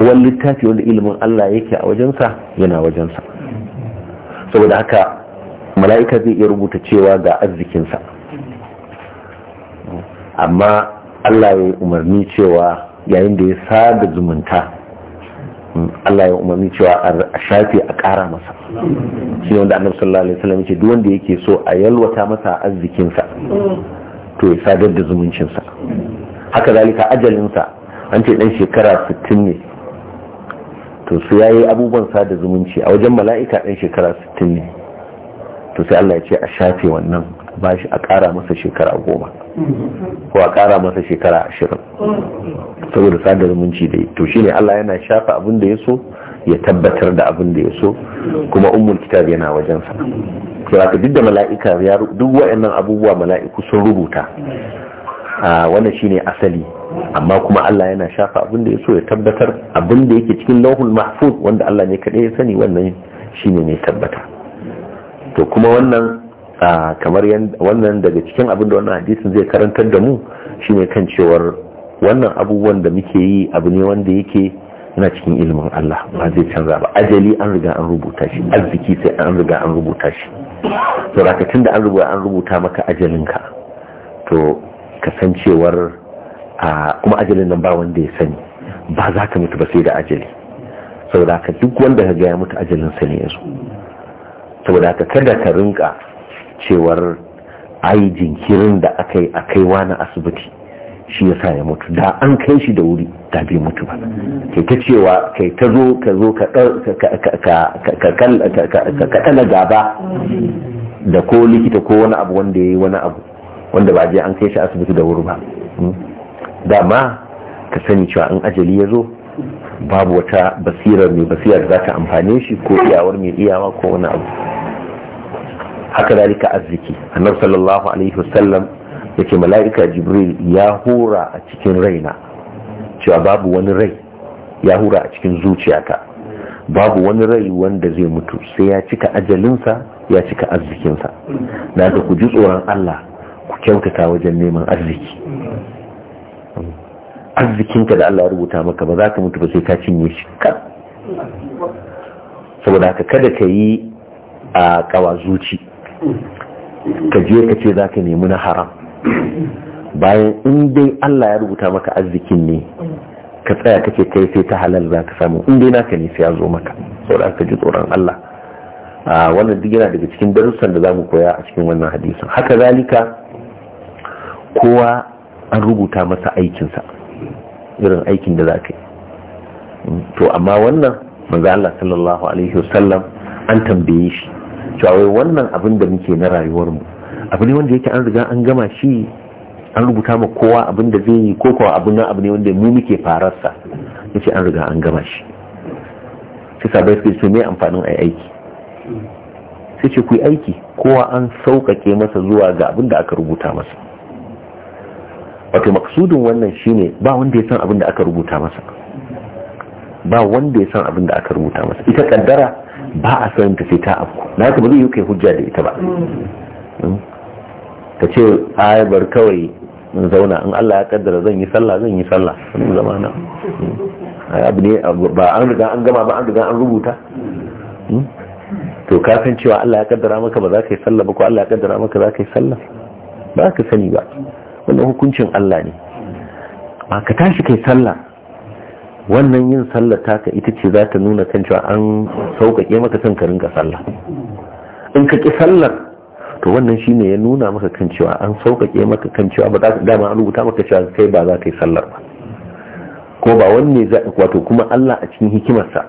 [SPEAKER 1] wal littafi wanda ilimin Allah yake a wajensa yana wajensa saboda haka mala'ika zai iya rubuta cewa ga arzikinsa amma Allah ya umarni cewa yayin da ya sada zumunta hmm, Allah ya umarni cewa a shafe a ƙara masa shi wanda annabi sallallahu alaihi wasallam yake duk wanda yake so a yalwata masa arzikinsa to ya sadar da zumuncinsa haka zalika ajalinsa an ce dan shekara 60 ne to su yayi abubuwan sada zumunci a wajen mala'ika dan shekara 60 ne to sai Allah ya ce a shafe wannan ba shi a ƙara masa shekara goma ko a ƙara masa shekara ashirin saboda sadar zumunci da to shine Allah yana shafa abin da ya so ya tabbatar da abin da ya so kuma ummul kitab yana wajensa to haka duk da mala'ika duk waɗannan abubuwa mala'iku sun rubuta wannan shine asali amma kuma Allah yana shafa abin da ya so ya tabbatar abin da yake cikin lauhul mahfuz wanda Allah ne kaɗai ya sani wannan shine ne tabbata to kuma wannan kamar wannan daga cikin abin da wannan hadisin zai karantar da mu shine kan cewar wannan abubuwan da muke yi abu ne wanda yake yana cikin ilimin Allah ba zai canza ba ajali an riga an rubuta shi arziki sai an riga an rubuta shi to rakatin da an rubuta an rubuta maka ajalinka to kasancewar kuma ajalin nan ba wanda ya sani ba za ka mutu ba sai da ajali saboda ka duk wanda ka ga ya mutu ajalin sa ne yanzu saboda ka kada ka rinka cewar ai jinkirin da aka yi a kai wani asibiti shi ya sa ya mutu da an kai shi da wuri da bai mutu ba ke ta cewa kai ta zo ka zo ka kana gaba da ko likita ko wani abu wanda ya yi wani abu wanda ba je an kai shi asibiti da wuri ba hmm? dama ka sani cewa in ajali ya zo babu wata basirar mai basirar za ta amfane shi ko iyawar mai iyawa ko wani abu haka zalika arziki annabi sallallahu alaihi wasallam yake mala'ika jibril ya hura a cikin raina cewa babu wani rai ya hura a cikin zuciyata babu wani rai wanda zai mutu sai ya cika ajalinsa ya cika arzikinsa
[SPEAKER 2] na ga ku ji tsoron
[SPEAKER 1] Allah ku kyautata wajen neman arziki arzikinka da Allah ya rubuta maka ba za ka mutu ba sai ka cinye shi saboda haka kada ka yi a kawa zuci ka je ka ce za ka nemi na haram bayan in dai Allah ya rubuta maka arzikin ne ka tsaya ka ce kai sai ta halal za ka samu inda dai naka ne ya zo maka da ka ji tsoron Allah wannan duk yana daga cikin darussan da za mu koya a cikin wannan hadisin haka zalika kowa an rubuta masa aikinsa irin aikin da za ka yi to amma wannan manzo Allah sallallahu alaihi wasallam an tambaye shi cewa wannan abin da muke na rayuwarmu abu ne wanda yake an riga an gama shi an rubuta ma kowa abin da zai yi ko kowa abin nan abu ne wanda mu muke fararsa yace an riga an gama shi sai sabai suke ce mai amfanin ai aiki sai ce ku aiki kowa an sauƙaƙe masa zuwa ga abin da aka rubuta masa wato maksudin wannan shine ba wanda ya san abin da aka rubuta masa ba wanda ya san abin da aka rubuta masa ita kaddara ba a son ta sai ta afku na haka ba zai yi kai hujja da ita ba
[SPEAKER 2] hmm.
[SPEAKER 1] ka ce ayabar kawai in zauna in Allah ya kaddara zan yi sallah zan yi sallah Wani zamana hmm. abu ne ba an riga an gama ba an riga an rubuta hmm. to ka san cewa Allah ya kaddara maka ba za ka yi sallah ba ko Allah ya kaddara maka za ka yi sallah ba ka sani ba wannan hukuncin Allah ne ba ka tashi kai sallah wannan yin sallar taka ita ce za ta nuna kan cewa an sauƙaƙe maka kan ka rinka sallah in ka ƙi sallar to wannan shi ne ya nuna maka kan cewa an sauƙaƙe maka kan cewa ba za ka dama an rubuta maka cewa kai ba za ka yi sallar ba ko ba wanne za wato kuma Allah a cikin hikimarsa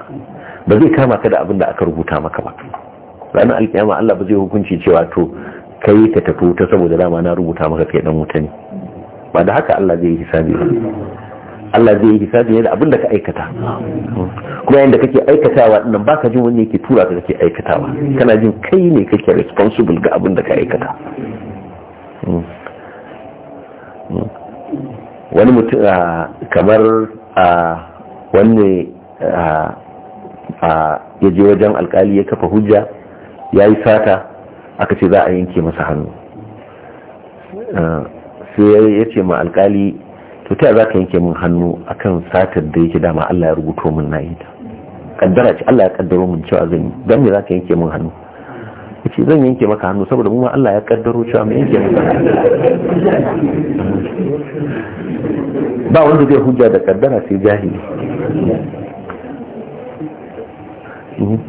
[SPEAKER 1] ba zai kama ka da abin da aka rubuta maka ba ranar alkiyama Allah ba zai hukunci cewa to kai ka tafi wuta saboda dama na rubuta maka kai dan wuta ne ba da haka Allah zai yi hisabi ba Allah zai yi hisabi ne da abin da ka aikata kuma yadda kake aikatawa nan baka jin wani yake tura ka kake aikatawa kana jin kai ne kake responsible ga abin da ka aikata wani mutum kamar wani ya je wajen alkali ya kafa hujja ya yi sata aka ce za a yanke masa hannu sai ya ce ma alkali to ta za ka yanke min hannu akan satar da yake dama Allah ya rubuto min na yi ta kaddara ce Allah ya kaddaro min cewa zan yi me za ka yanke min hannu yace zan yanke maka hannu saboda mu ma Allah ya kaddaro cewa mu yanke maka ba wanda zai hujja da kaddara sai jahili mhm.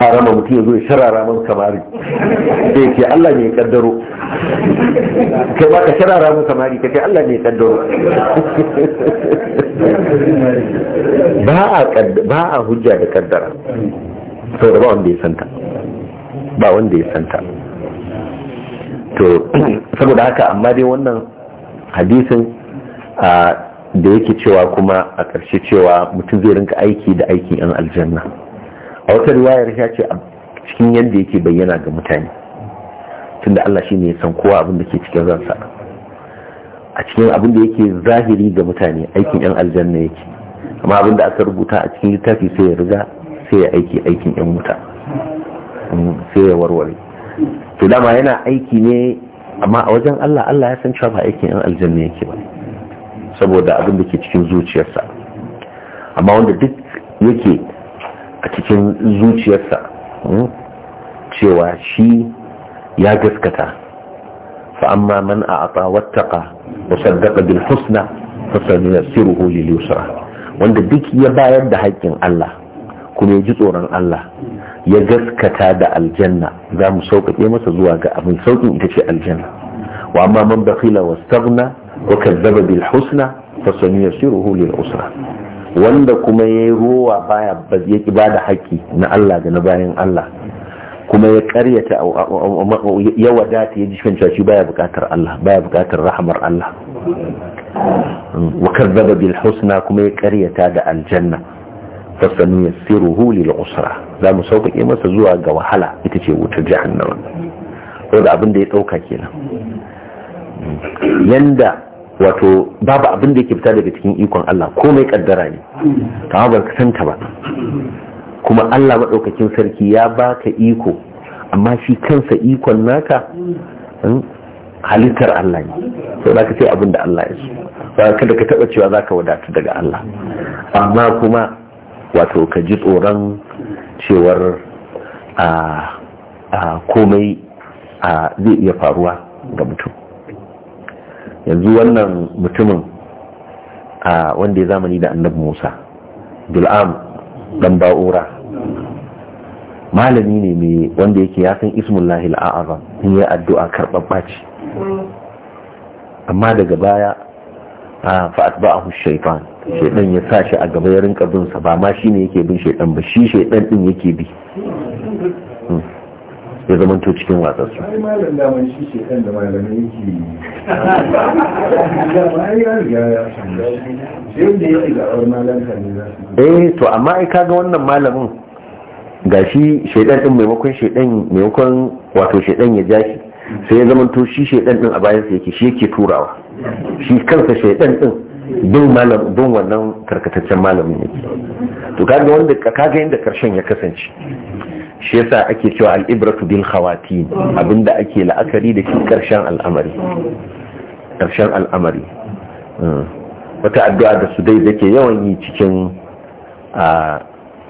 [SPEAKER 1] a rama mutum ya zo ya sharara kamari da yake Allah ne ya kaddaro kai ba ka kira ramu samari ka ce Allah ne kaddaro ba a hujja da kaddara sau da ba wanda ya santa ba wanda ya santa to saboda haka amma dai wannan hadisin da yake cewa kuma a ƙarshe cewa mutum zai rinka aiki da aikin 'yan aljanna a wata riwayar ya ce cikin yadda yake bayyana ga mutane tunda Allah shi ne ya san kowa abin da ke cikin ransa a cikin abin da yake zahiri ga mutane aikin yan aljanna yake amma abin da aka rubuta a cikin littafi sai ya riga sai ya aiki aikin yan wuta mm, sai ya warware
[SPEAKER 2] to dama yana
[SPEAKER 1] aiki ne amma a wajen Allah Allah ya san cewa ba aikin yan aljanna yake ba saboda abin da ke cikin zuciyarsa amma wanda duk yake a cikin zuciyarsa mm, cewa shi ya gaskata fa amma man a'ata wattaqa da saddaqa bil husna fa sanuyassiruhu lil yusra wanda duk ya bayar da haƙƙin Allah kuma ya ji tsoron Allah ya gaskata da aljanna za mu sauƙaƙe masa zuwa ga abin sauƙin ita ce aljanna wa amma man bakhila wastaghna wa kazzaba bil husna fa sanuyassiruhu lil usra wanda kuma ya yi rowa baya ba ya ki bada haƙƙi na Allah da na bayan Allah kuma ya karyata ya wadata ya ji shi baya bukatar Allah baya bukatar rahamar Allah wa kazzaba bil husna kuma ya karyata da aljanna fasanu yassiruhu lil usra za mu sauƙaƙe masa zuwa ga wahala ita ce wutar jahannama saboda abin da ya dauka kenan yanda wato babu abin da yake fita daga cikin ikon Allah komai kaddara ne amma ba ka santa ba kuma Allah maɗaukakin sarki ya ba ka iko amma shi kansa ikon naka hmm, halittar Allah ne sau da ka ce abin da Allah ya so kada ka taɓa cewa za ka wadatu daga Allah
[SPEAKER 2] amma kuma
[SPEAKER 1] wato ka ji tsoron cewar komai zai iya faruwa ga mutum yanzu wannan mutumin wanda ya zamani da annabi musa bil'am dan ba'ura malami ne mai wanda yake ya san ismullahi al'azam in ya addu'a karɓar ɓaci. amma daga baya a fa'atba'ahu shaitan Shaiɗan ya sa shi a gaba ya rinka bin ba ma shi ne yake bin shaidan ba shi shaidan ɗin yake bi hmm. ya zama to cikin watsar su eh to amma ai kaga wannan malamin gashi shaidan din maimakon shaidan maimakon wato shaidan ya ja shi sai ya zamanto shi shaidan din a bayan sa yake shi yake turawa shi kansa shaidan din bin malam bin wannan karkataccen malamin yake to kaga wanda kaga inda karshen ya kasance shi yasa ake cewa al-ibratu bil khawatin abinda ake la'akari da shi karshen al'amari karshen al'amari hmm. wata addu'a da su dai yawan yi cikin a ah,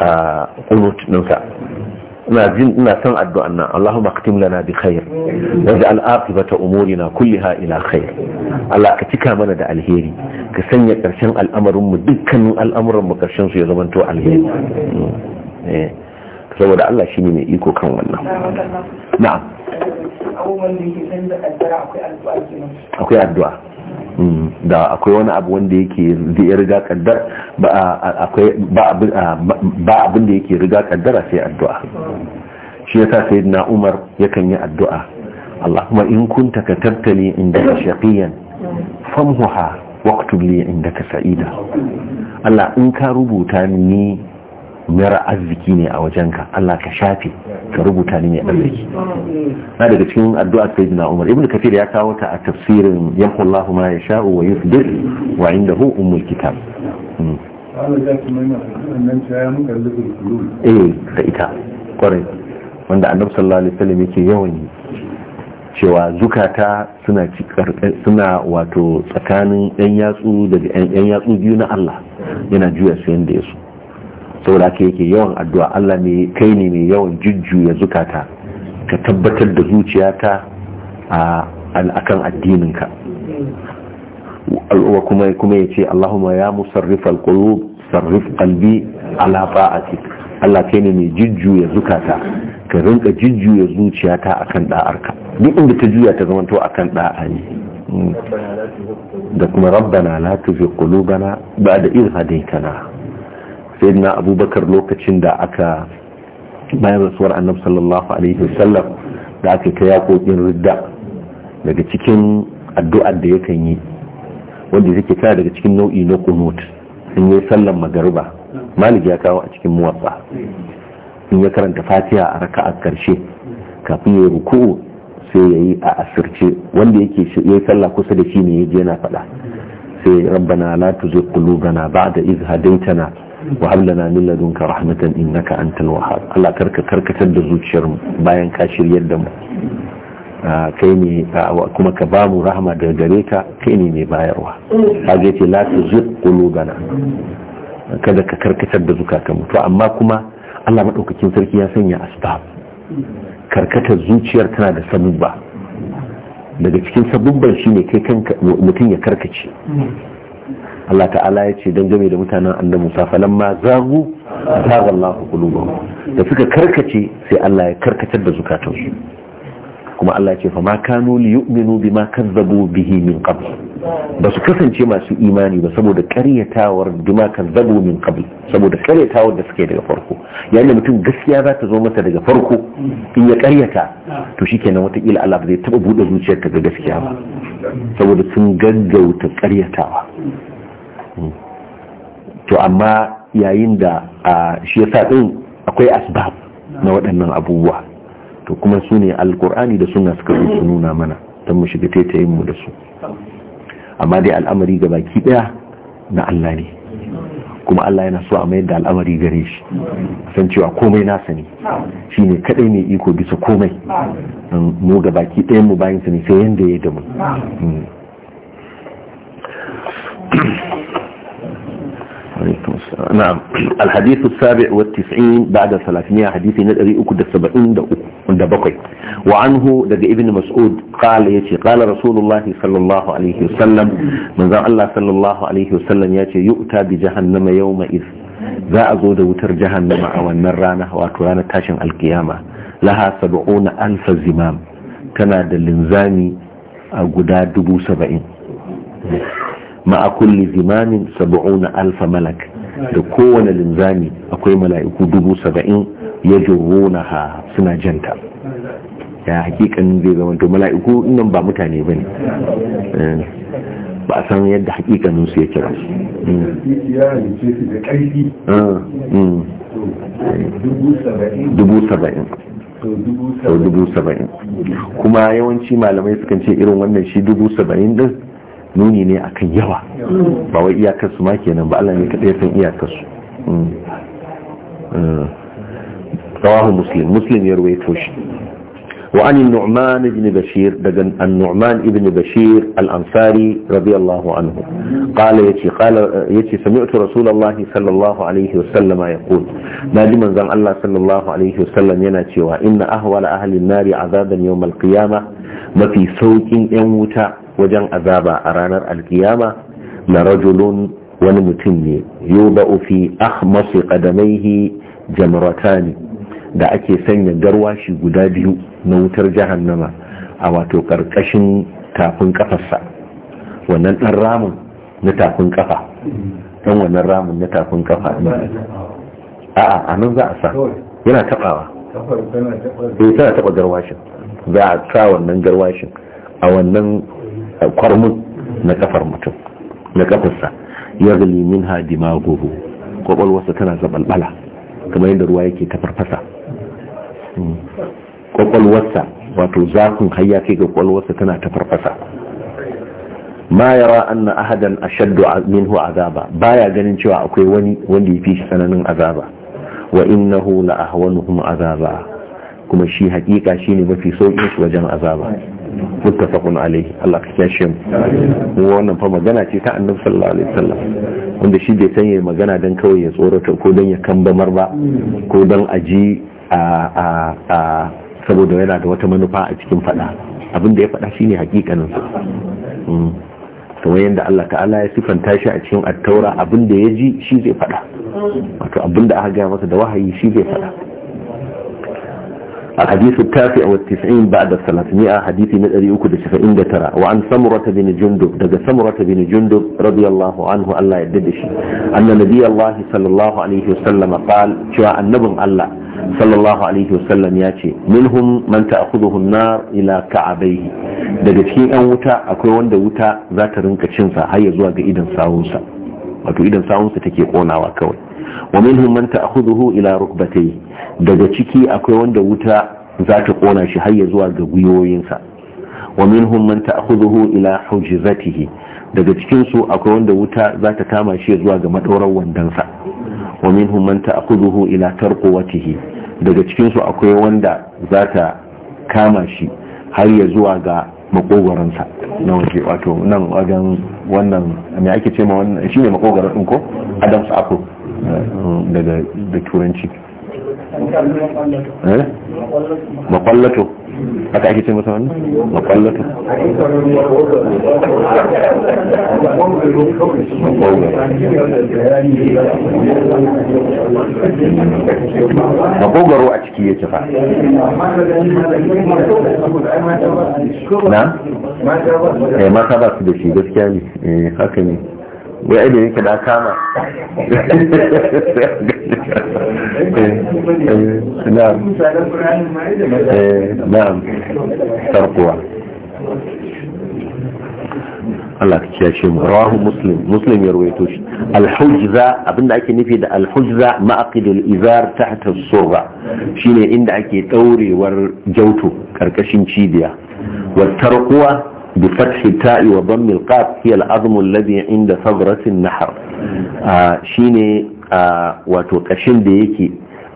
[SPEAKER 1] a kunut ɗinsa ina jin ina son addu'an nan Allahumma qatim lana bi khair waj'al aqibata umurina kulliha ila khair Allah ka cika mana da alheri ka sanya karshen al'amarin mu dukkanin al'amuran mu karshen su ya zamanto alheri mm. eh, saboda Allah shine mai iko kan wannan na'am akwai addu'a da akwai wani abu wanda yake zai riga kaddar ba abin da yake riga kaddara sai addu'a shi ya yasa na Umar yakan yi addu'a kuma in kunta katabta inda ka shaqiyan famhuha waqtub inda ka sa'ida Allah in ka rubuta ni mera arziki ne a wajenka Allah ka shafe ka rubuta ni mai arziki na daga cikin addu'a sayyidina Umar ibn Kathir ya kawo ta a tafsirin yamhullahu ma yasha'u wa yusdir wa indahu umul kitab hmm. eh da ita kwarai wanda annabi sallallahu alaihi wasallam yake yawan cewa zukata suna suna wato tsakanin yan yatsu daga ɗan yatsu biyu na Allah yana juya su yanda ya so saboda yake yawan addu'a Allah ne kai ne mai yawan jujjuya zukata ka tabbatar da zuciyata a akan addininka wa kuma kuma yace Allahumma ya musarrif alqulub sarrif qalbi ala ta'atik Allah kai ne mai jujjuya zukata ka rinka jujjuya zuciyata akan da'arka duk inda ta juya ta zamanto akan da'a ne hmm. da kuma rabbana la tuzigh qulubana ba'da idh hadaytana sayyidina abubakar lokacin da aka bayan rasuwar annabi sallallahu alaihi wasallam da aka kai yakokin ridda daga cikin addu'ar da ya kan yi wanda yake tara daga cikin nau'i na kunut in yi sallan magariba malik ya kawo a cikin muwatsa in ya karanta fatiha a raka'a karshe kafin ya ruku'u sai ya yi a asirce wanda yake ya yi sallah kusa da shi ne ya je yana faɗa sai rabbana la tuzigh qulubana ba'da idh hadaytana wa hablana min ladunka rahmatan innaka antal wahhab Allah ka karkatar da zuciyar bayan ka shiryar da kuma ka ba rahama daga gare ka kai ne mai bayarwa ka ce la tuzigh qulubana kada ka karkatar da zukatanmu to amma kuma Allah maɗaukacin sarki ya sanya asbab karkatar zuciyar tana da sabubba daga cikin sabubban shine kai mutum ya karkace Allah ta'ala ya ce dangane da mutanen annabi Musa falamma zagu zaga Allahu qulubahum da suka karkace sai Allah ya karkatar da su kuma Allah ya ce fa ma kanu li yu'minu bima kazzabu bihi min qabl ba su kasance masu imani ba saboda karyatawar bima kazzabu min qabl saboda karyatawar da suke daga farko yayin da mutum gaskiya za ta zo masa daga farko in ya karyata to shikenan watakila Allah ba zai taba bude zuciyarka ga gaskiya ba saboda sun gaggauta karyatawa to amma yayin da shi yasa din akwai asbab na waɗannan abubuwa to kuma su ne alkur'ani da suna suka zo su nuna mana don mu shiga taitayin mu da su amma dai al'amari ga baki ɗaya na Allah ne kuma Allah yana so a mayar da al'amari gare shi san cewa komai nasa ne shi ne kaɗai ne iko bisa komai mu ga baki ɗayan mu bayan sani sai yanda ya da mu hmm. نعم الحديث السابع والتسعين بعد ثلاثمائة حديث ندري أكد السبعين دا بقي وعنه لدى ابن مسعود قال يتي قال رسول الله صلى الله عليه وسلم من ذا الله صلى الله عليه وسلم يتي يؤتى بجهنم يومئذ ذا أزود وتر جهنم أو النرانة وأترانا تاشم القيامة لها سبعون ألف زمام كان للنزامي أقدا دبو سبعين مع كل زمام سبعون ألف ملك da kowane linzami akwai mala'iku dubu saba'in ya jirona ha suna janta ya hakikanin zai zama to mala'iku nan ba mutane ba ne eh, ba a san yadda hakikanin su kira su. dubu saba'in dubu saba'in kuma yawanci malamai sukan ce irin wannan shi dubu saba'in din nuni ne akan yawa ba wai iyakar su make ba Allah ne kadai mm. mm. ya ruwaito shi wa an nu'man ibn bashir daga an ibn bashir al ansari radiyallahu anhu qala yace qala yace sami'tu rasulullah sallallahu alayhi wa sallam yaqul nadi manzan Allah sallallahu alayhi wa sallam yana cewa inna ahwala ahalin Nari nar 'adaban yawm al-qiyamah mafi sauqin yan wuta wajen azaba a ranar alkiyama na rajulun wani mutum ne yuba'u fi ahmasi qadamaihi jamratani da ake sanya garwashi guda biyu na wutar jahannama a wato karkashin tafin kafarsa wannan dan ramin na tafin kafa dan wannan ramin na tafin kafa a'a a nan za a sa yana tabawa eh tana taba garwashin za a sa wannan garwashin a wannan kwarmu na kafar mutum na kafarsa ya gali min ha dimagogo kwakwalwarsa tana zabalbala kamar yadda ruwa yake tafarfasa. farfasa hmm. kwakwalwarsa wato zafin hayya kai ga kwakwalwarsa tana ta farfasa ma an anna ahadan min minhu azaba baya ganin cewa akwai wani wanda ya fi shi tsananin azaba wa a la ahwanuhum azaba kuma shi hakika ne mafi sauƙin shi wajen azaba muttafaqun alaihi Allah ka kyashe mu wannan fa magana ce ta annabi sallallahu alaihi wasallam wanda shi bai sanya magana dan kawai ya tsorata ko dan ya kambamar ba ko dan aji a a a saboda yana da wata manufa a cikin fada abin da ya fada shine hakikanin sa mm. kamar yadda Allah ta'ala ya sifanta shi a cikin taura abin da ya ji shi zai fada wato abin da aka gaya masa da wahayi shi zai fada الحديث التاسع والتسعين بعد الثلاثمائة حديث نذري أكد شفائن دترا وعن سمرة بن جندب دق سمرة بن جندب رضي الله عنه ألا يددش أن نبي الله صلى الله عليه وسلم قال شواء النبم ألا صلى الله عليه وسلم ياتي منهم من تأخذه النار إلى كعبيه
[SPEAKER 2] دق شيء أن
[SPEAKER 1] وتا أكوي وند وتا ذات رنك شنسا هيا زواج إذن ساونسا وكو idan ساونسا تكي قونا وكوي wa minhum man ta'khudhuhu ila rukbatayhi daga ciki akwai wanda wuta za ta kona shi har ya zuwa ga gwiwoyinsa wa minhum man ta'khudhuhu ila hujzatihi daga cikin su akwai wanda wuta za ta kama shi zuwa ga madoran wandansa wa minhum man ta'khudhuhu ila tarqwatihi daga cikin su akwai wanda za ta kama shi har ya zuwa ga makogoransa na waje wato nan wajen wannan me ake ce ma wannan shine makogoran din ko Adam's apple daga da turanci eh? makwallato aka ake ce masa wannan makwallato makogaro a ciki ya cifa na? Eh, mata ba su da shi gaskiya ne eh, haka ne ya aida yake da kama na'am na'am tarkuwa Allah ka kiyashe mu rawahu muslim muslim ya rawaito shi al-hujza abinda ake nufi da al-hujza ma'aqidul izar tahta as-surra shine inda ake daurewar jauto karkashin cibiya wa tarquwa بفتح التاء وضم القاف هي العظم الذي عند ثغرة النحر آه شيني آه واتو قشن ديكي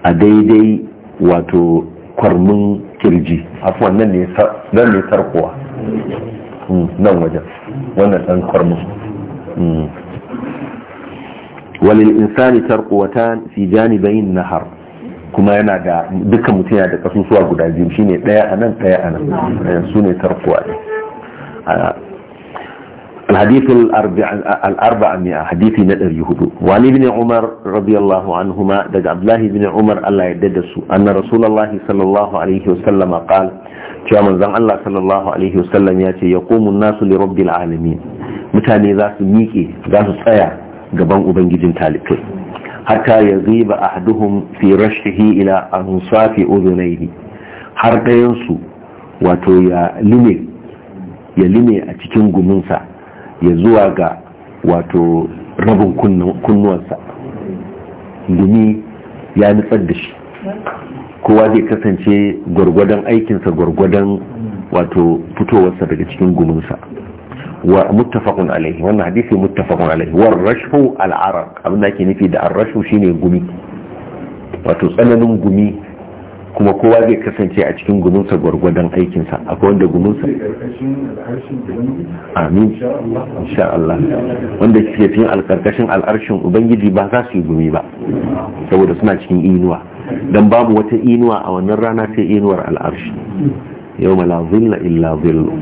[SPEAKER 1] أديدي واتو كرمون كرجي عفوا نني نني ترقوا نن وجه وانا أن كرمون وللإنسان ترقوتان في جانبي النهر kuma yana da dukkan mutum yana da kasusuwa guda biyu shine daya anan daya anan su ne tarkuwa ne الحديث الأربعمائة حديث ندر يهود وعن ابن عمر رضي الله عنهما دج عبد الله بن عمر الله يددس أن رسول الله صلى الله عليه وسلم قال cewa manzon Allah sallallahu alaihi wasallam ya ce yaqumu nasu li rabbil alamin mutane za su miƙe za su tsaya gaban ubangijin talibai hatta ya ziba ahaduhun fi rashhihi ila ansafi udhunayhi har dayan su wato ya lime ya lime a cikin guminsa ya zuwa ga wato rabin kunnuwansa gumi ya nutsar da shi kowa zai kasance gwargwadon aikinsa gwargwadon wato fitowarsa daga cikin guminsa wa muttafaqun alaihi wannan hadisi muttafaqun alaihi war rashu al abin da ake nufi da ar-rashfu shine gumi wato tsananin gumi kuma kowa zai kasance a cikin gumunsa gwargwadon aikinsa akwai wanda gumunsa
[SPEAKER 2] amin insha Allah wanda ke
[SPEAKER 1] cikin alkarkashin al'arshin ubangiji ba za su yi gumi ba saboda suna cikin inuwa don babu wata inuwa a wannan rana sai inuwar al'arshi yau la zilla illa zillu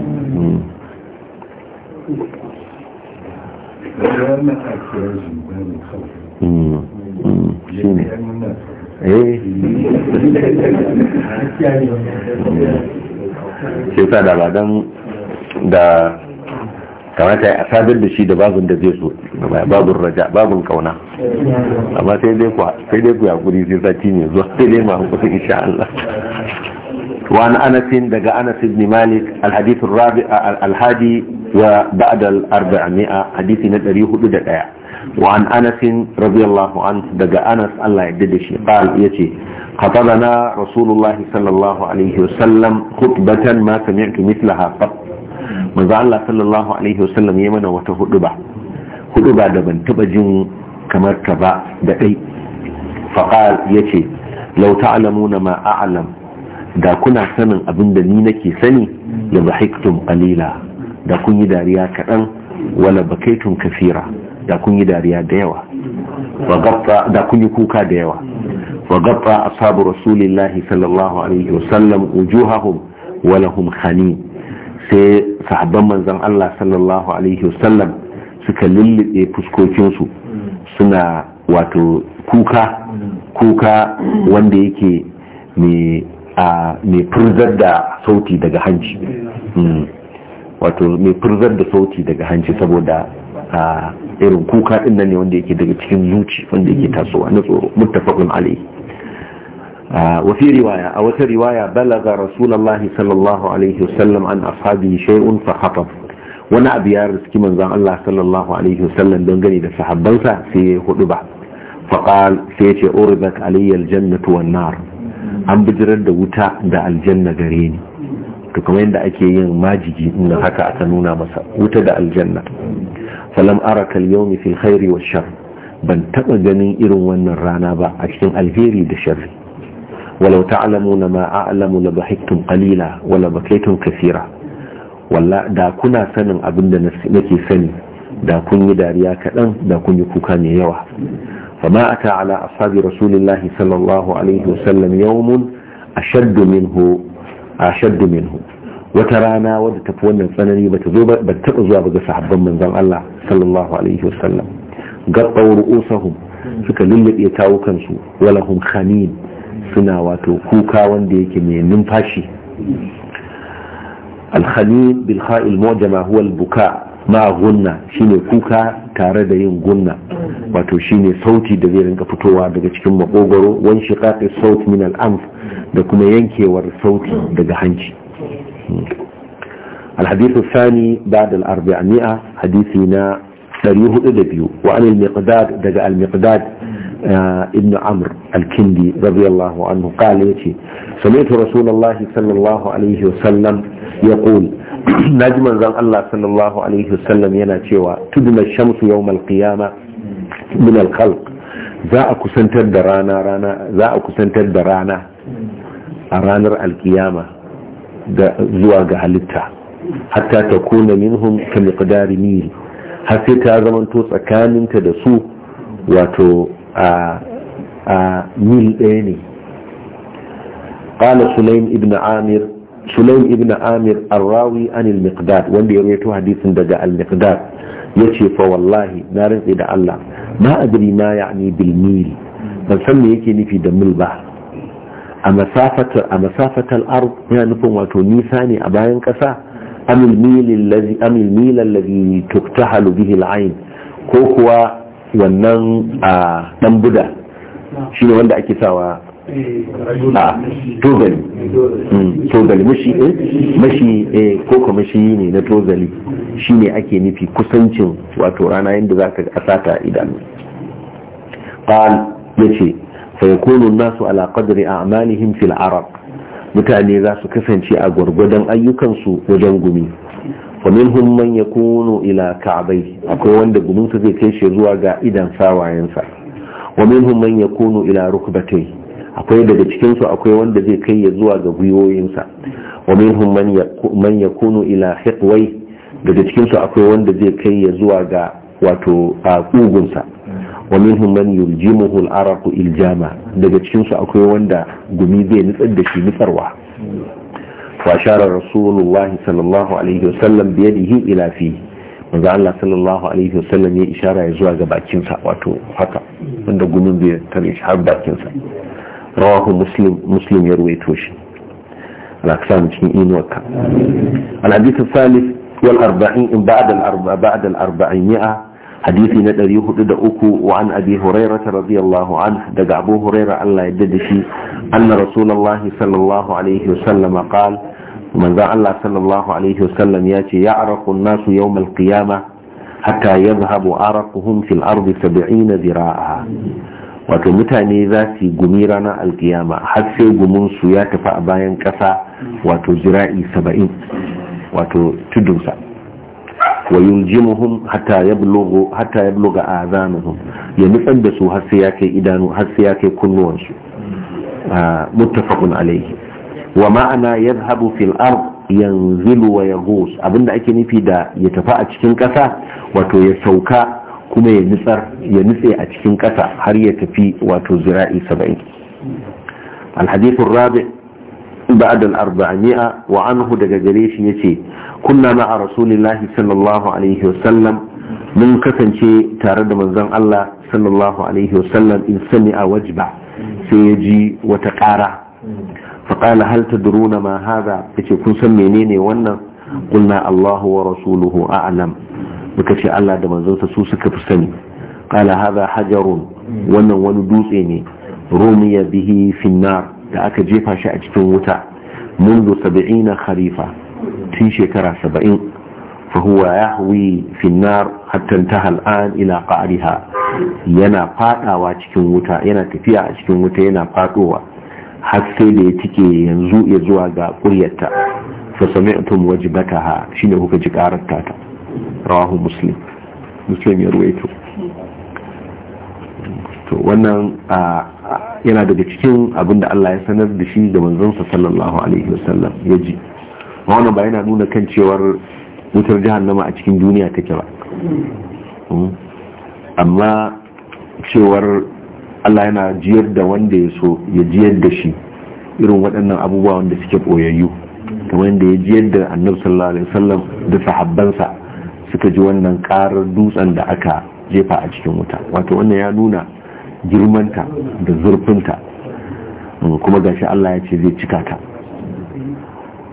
[SPEAKER 1] Mm.
[SPEAKER 2] Eh. shi
[SPEAKER 1] sa da ba don da kamata a sabir da shi da babin da zai so babin raja babun kauna amma sai dai ku sai dai kuwa guri sai sa cinye zuwa sai dai ma hukusu insha Allah Wa wani anasin daga anas ibn malik alhadithun rabi alhadi wa ba'dal arba'a mi'a hadithi na 401 وعن أنس رضي الله عنه دقى أنس الله يددش قال يتي خطبنا رسول الله صلى الله عليه وسلم خطبة ما سمعت مثلها قط ماذا الله صلى الله عليه وسلم يمن وتهدبا هدبا دبن تبجن كما تبا دقي فقال يتي لو تعلمون ما أعلم da kuna sanin abin da ni nake sani da ba haiktum kalila da kun yi dariya kaɗan wala bakaitum kafira da kun yi dariya da yawa da kun yi kuka da yawa wa gaba ashabu rasulillahi sallallahu alaihi wasallam ujuhahum wa lahum khani sai sahabban manzan Allah sallallahu alaihi wasallam suka lullube fuskokinsu suna wato kuka kuka wanda yake mai furzar da sauti daga hanci hmm. wato mai furzar da sauti daga hanci saboda irin kuka din nan ne wanda yake daga cikin zuci wanda yake tasowa na tsoro muttafaqun alayhi ah, wa fi riwaya a wata riwaya balaga rasulullahi sallallahu alaihi wasallam an ashabi shay'un fa khatab wani abu ya riski manzon Allah sallallahu alaihi wasallam don gani da sahabbansa sai ya hudu ba faqal sai ya ce uridat alayya aljannatu wan nar an bijirar da wuta da aljanna gare ni to kamar yadda ake yin majigi in haka aka nuna masa wuta da aljanna falam arakal, al-yawmi fil khairi wash shar ban taba ganin irin wannan rana ba a cikin alheri da sharri walau ta'lamuna ma a'lamu la bahiktum qalila wa la bakaytum kaseera walla da kuna sanin abin da nake sani da kun yi dariya kaɗan da kun yi kuka mai yawa فما أتى a أصحاب رسول sallallahu alaihi الله عليه وسلم يوم أشد منه أشد wata rana wadda tafi wannan tsanani ba ta zo ba ta taba zuwa ga sahabban manzon Allah sallallahu alaihi wasallam usahum suka lullube kawukansu walahum khanin suna wato kuka wanda yake mai numfashi alhanin bilha'il mujama huwa buka ma gunna shine kuka tare da yin gunna wato shine sauti da zai rinka fitowa daga cikin makogoro wan shiqaqi saut min al-anf da kuma yankewar sauti daga hanci الحديث الثاني بعد الأربعمائة حديثنا تريه إدبيو وعن المقداد دقاء المقداد آه ابن عمرو الكندي رضي الله عنه قال يتي سمعت رسول الله صلى الله عليه وسلم يقول نجما زن الله صلى الله عليه وسلم يناتيوا تدم الشمس يوم القيامة من الخلق za a kusantar da rana rana za a kusantar da rana a ranar alkiyama zuwa ga halitta hatta ta kona minhun ta miqdari mil har sai ta zama tsakaninta da su wato a mil ɗaya ne qala sulaim ibn amir sulaim ibn arrawi an al wanda ya rawaito hadisin daga al ya ce fa wallahi na rantsi da Allah ma adri ma ya'ni bil mil ban san me yake nufi da mil ba a masafatar arz yana nufin wato nisa ne a bayan ƙasa amil milan lazi tuktahalu bihi la'ayin ko kuwa wannan a ɗan buda shi ne wanda ake sawa
[SPEAKER 2] a tozali mm, tozali mashi eh, mashi
[SPEAKER 1] eh, ko kuma shi ne na tozali shi ne ake nufi kusancin wato rana yadda za ka asata idanu ya ce. fayakunu nasu ala qadri a'malihim fil Arab? mutane za su kasance a gwargwadon ayyukansu wajen gumi man ومنهم من يكون إلى كعبيه أكون zai kai shi zuwa ga إذا ساوى ينفع ومنهم man yakunu ila ركبتيه akwai daga cikinsu akwai wanda zai kai ya zuwa ga gwiwoyinsa wa minhum man yakunu ila hiqwai daga cikinsu akwai wanda zai kai ya zuwa ga wato kugunsa wa minhum man yuljimuhu al-araqu iljama daga cikin su akwai wanda gumi zai nutsar da shi nutsarwa wa shara rasulullahi sallallahu alaihi wasallam bi yadihi ila fi manzo Allah sallallahu alaihi wa sallam ya ishara ya zuwa ga bakin sa wato haka wanda gumin zai tare shi har bakin sa rawahu muslim muslim ya ruwaito shi ala kasamu cikin inuwarka al hadith al-thalith wal 40 ba'da al-40 ba'da al-400 hadisi na 403 wa an abi hurairata radiyallahu an daga abu huraira Allah ya dade shi anna rasulullahi sallallahu alaihi wasallam Allah sallallahu alaihi ya yace ya'raqu an-nasu yawm qiyama hatta yadhhabu araquhum fi al-ard ziraa dira'a wato mutane za su gumi ranar alkiyama har sai gumin su ya tafi a bayan kasa wato jira'i 70 wato tudunsa wa yunjimuhum hatta yablughu hatta yablugha azanuhum ya nutsar da su har sai ya kai idanu har sai ya kai kunnuwansu muttafaqun alayhi wa ma'ana yadhhabu fil ard yanzilu wa yaghus abinda ake nufi da ya tafi a cikin ƙasa wato ya sauka kuma ya nutsar ya nutse a cikin ƙasa har ya tafi wato zira'i 70 الحديث الرابع بعد daga gare shi ya ce. kunna ma a rasulillahi sallallahu alaihi wasallam mun kasance tare da manzon Allah sallallahu alaihi wasallam in sami a wajiba sai ya ji wata ƙara faƙala hal duruna ma hada yace kun san menene wannan kunna Allahu wa rasuluhu a'lam muka ce Allah da manzonsa su suka fi sani qala haza hajarun wannan wani dutse ne rumiya bihi finnar da aka jefa shi a cikin wuta منذ سبعين Khalifa. tun shekara saba'in fahuwa ya hawi finnar hattan al'an ila yana fadawa cikin wuta yana tafiya a cikin wuta yana fadowa har sai da ya tike yanzu ya zuwa ga ƙuryarta fa sami'tum wajibataha shine kuka ji karar ta rawahu muslim muslim ya ruwaito to wannan yana daga cikin abin da Allah ya sanar da shi da manzon sallallahu alaihi wasallam ya ji amma wannan ba yana nuna kan cewar wutar jahannama a cikin duniya take ba hmm? amma cewar Allah yana jiyar da wanda ya so ya jiyar da shi irin waɗannan abubuwa wanda suke ɓoyayyu kamar yadda ya jiyar da annabi sallallahu alaihi wasallam da sahabbansa suka ji wannan ƙarar dutsen da aka jefa a cikin wuta wato wannan ya nuna girmanta da zurfinta hmm, kuma gashi Allah ya ce zai cika ta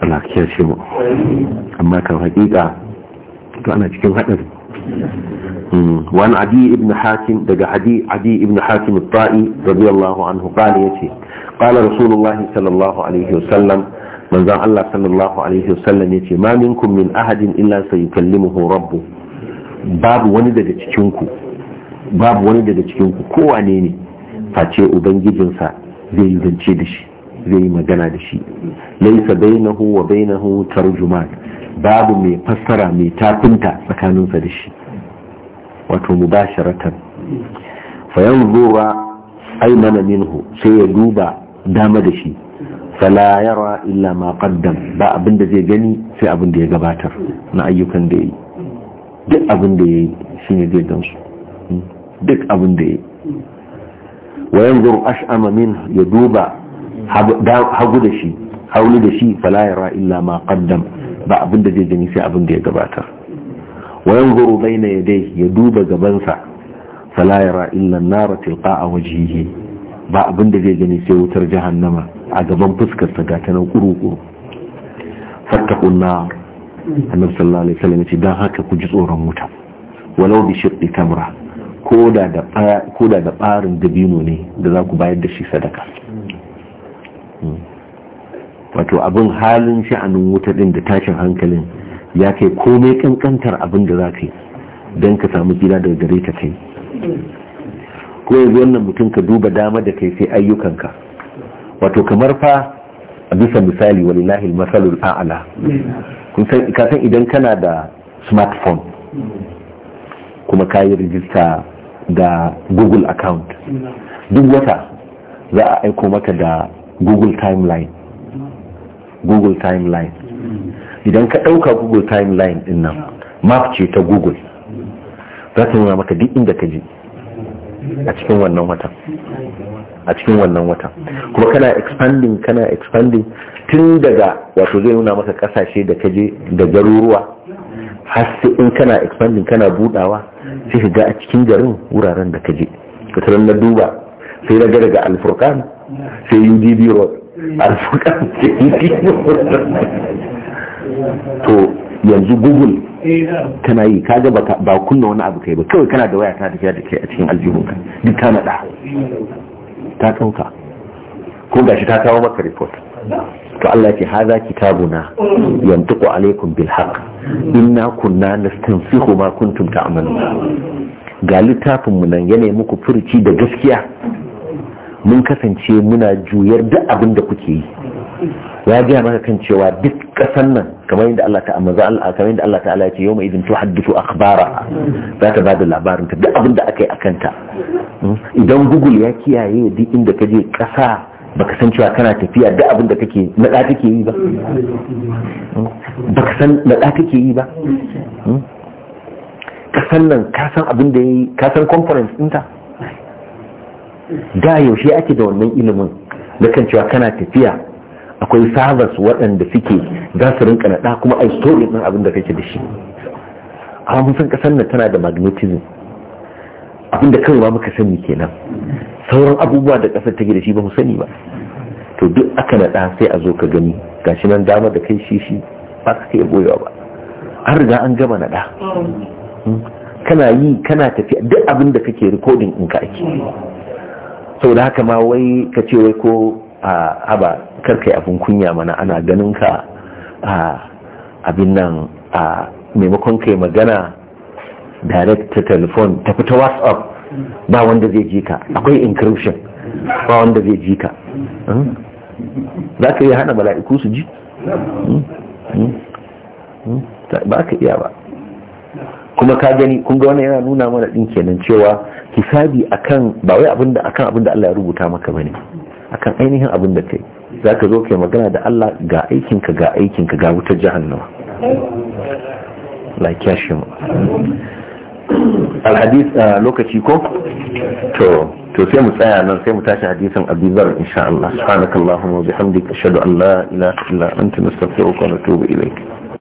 [SPEAKER 1] alakiyar shi mu amma kan hakika to ana cikin hadari hmm. wani adi ibn hakim daga adi adi ibn hakim ta'i radiyallahu anhu qala yace qala rasulullah sallallahu alaihi wasallam manzon Allah sallallahu alaihi wasallam yace ma minkum min ahadin illa sai rabbu babu wani daga cikin ku babu wani daga cikin ku ne ne face ubangijinsa zai yi zance da shi zai yi magana da shi laisa bainahu wa bainahu tarjuman babu mai fassara mai tafinta tsakaninsa da shi wato mubasharatan fa yanzura aymana minhu sai ya duba dama da shi fala yara illa ma qaddam ba abin da zai gani sai abin da ya gabatar na ayyukan da yayi duk abin da yayi shine zai gansu duk abin da yayi wa yanzur ash'ama min ya duba hagu da shi hauli da shi fala yara illa ma qaddam ba abin da zai gani sai abin da ya gabatar Wayan yanzuru baina yadayhi ya duba gabansa fala yara illa an-nara tilqa'a wajhihi ba abin da zai gani sai wutar jahannama a gaban fuskar sa gata nan kuru-kuru fattaqun nar annabi sallallahu alaihi wasallam yace dan haka ku ji tsoron wuta walau bi shiqqi tamra koda da koda da barin dabino ne da za ku bayar da shi sadaka wato abin halin sha'anin wuta din da tashin hankalin ya kai komai ƙanƙantar abin da za ka yi don ka samu gida daga gare ta kai ko yanzu wannan mutum ka duba dama da kai sai ayyukanka wato kamar fa a bisa misali wallahi masalul a'ala kun san ka idan kana da smartphone kuma ka yi rijista da google account duk wata za a aiko maka da google timeline google timeline idan ka ɗauka google timeline din nan map ce ta google za ta nuna maka duk inda ka je a cikin wannan watan a cikin wannan watan kuma kana expanding kana expanding tun daga wato zai nuna maka kasashe da kaje da garuruwa har sai in kana expanding kana budawa sai ka ga a cikin garin wuraren da kaje ka tarar na duba sai na ga daga alfurkan sai udb road
[SPEAKER 2] alfuka sai udb road to
[SPEAKER 1] yanzu google tana yi kaga ba kunna wani abu kai ba kawai kana da waya ta tafiya da kai a cikin aljihunka duk ta naɗa ta ɗauka ko gashi ta kawo maka report to Allah ce haza kitabuna yantiqu alaikum bil haqq inna kunna nastansikhu ma kuntum ta'malun ga littafin mu nan yana muku furci da gaskiya mun kasance muna juyar duk abin da kuke yi ya gaya maka kan cewa duk kasan nan kamar yadda Allah ta amma kamar yadda Allah ta'ala ya ce yau mai idin tuhaddisu akhbara za ta bada labarin ta duk abin da aka yi a kanta. Hmm? idan google ya kiyaye duk inda ka je kasa baka san cewa kana tafiya duk abin da kake nada kake yi ba hmm? baka san nada kake yi ba kasan hmm? nan ka san abin da yayi ka san conference ɗinta da yaushe ake da wannan ilimin da kan cewa kana tafiya akwai sabas waɗanda suke za su rinka naɗa kuma a story ɗin abin da kake da shi amma mun san ƙasar nan tana da magnetism abin da kawai ma muka sani kenan sauran abubuwa da ƙasar take da shi ba mu sani ba to duk aka naɗa sai a zo ka gani gashi nan dama da kai shi shi ba ka iya boyewa ba an riga an gama naɗa hmm? kana yi kana tafiya duk abinda kake rikodin in ka ake Sau da haka ma wai ka ce wai ko a haba karkai abin kunya mana ana ganin ka a abin nan a maimakon kai magana direct ta telephone ta fita whatsapp ba wanda zai ji ka akwai encryption ba wanda zai ji ka hmm? za ka iya hana mala'iku su ji hmm? Hmm? ba ka iya ba kuma ka gani kun ga wannan yana nuna mana din kenan cewa hisabi akan ba wai abin da akan abin da Allah ya rubuta maka bane akan ainihin abin da kai zaka zo kai magana da Allah ga aikin ka ga aikin ka ga wutar jahannama la shi mu hadith lokaci ko to to sai mu tsaya nan sai mu tashi hadisin abizar insha Allah subhanakallahumma wa bihamdika ashhadu an la ilaha illa anta nastaghfiruka wa natubu ilayk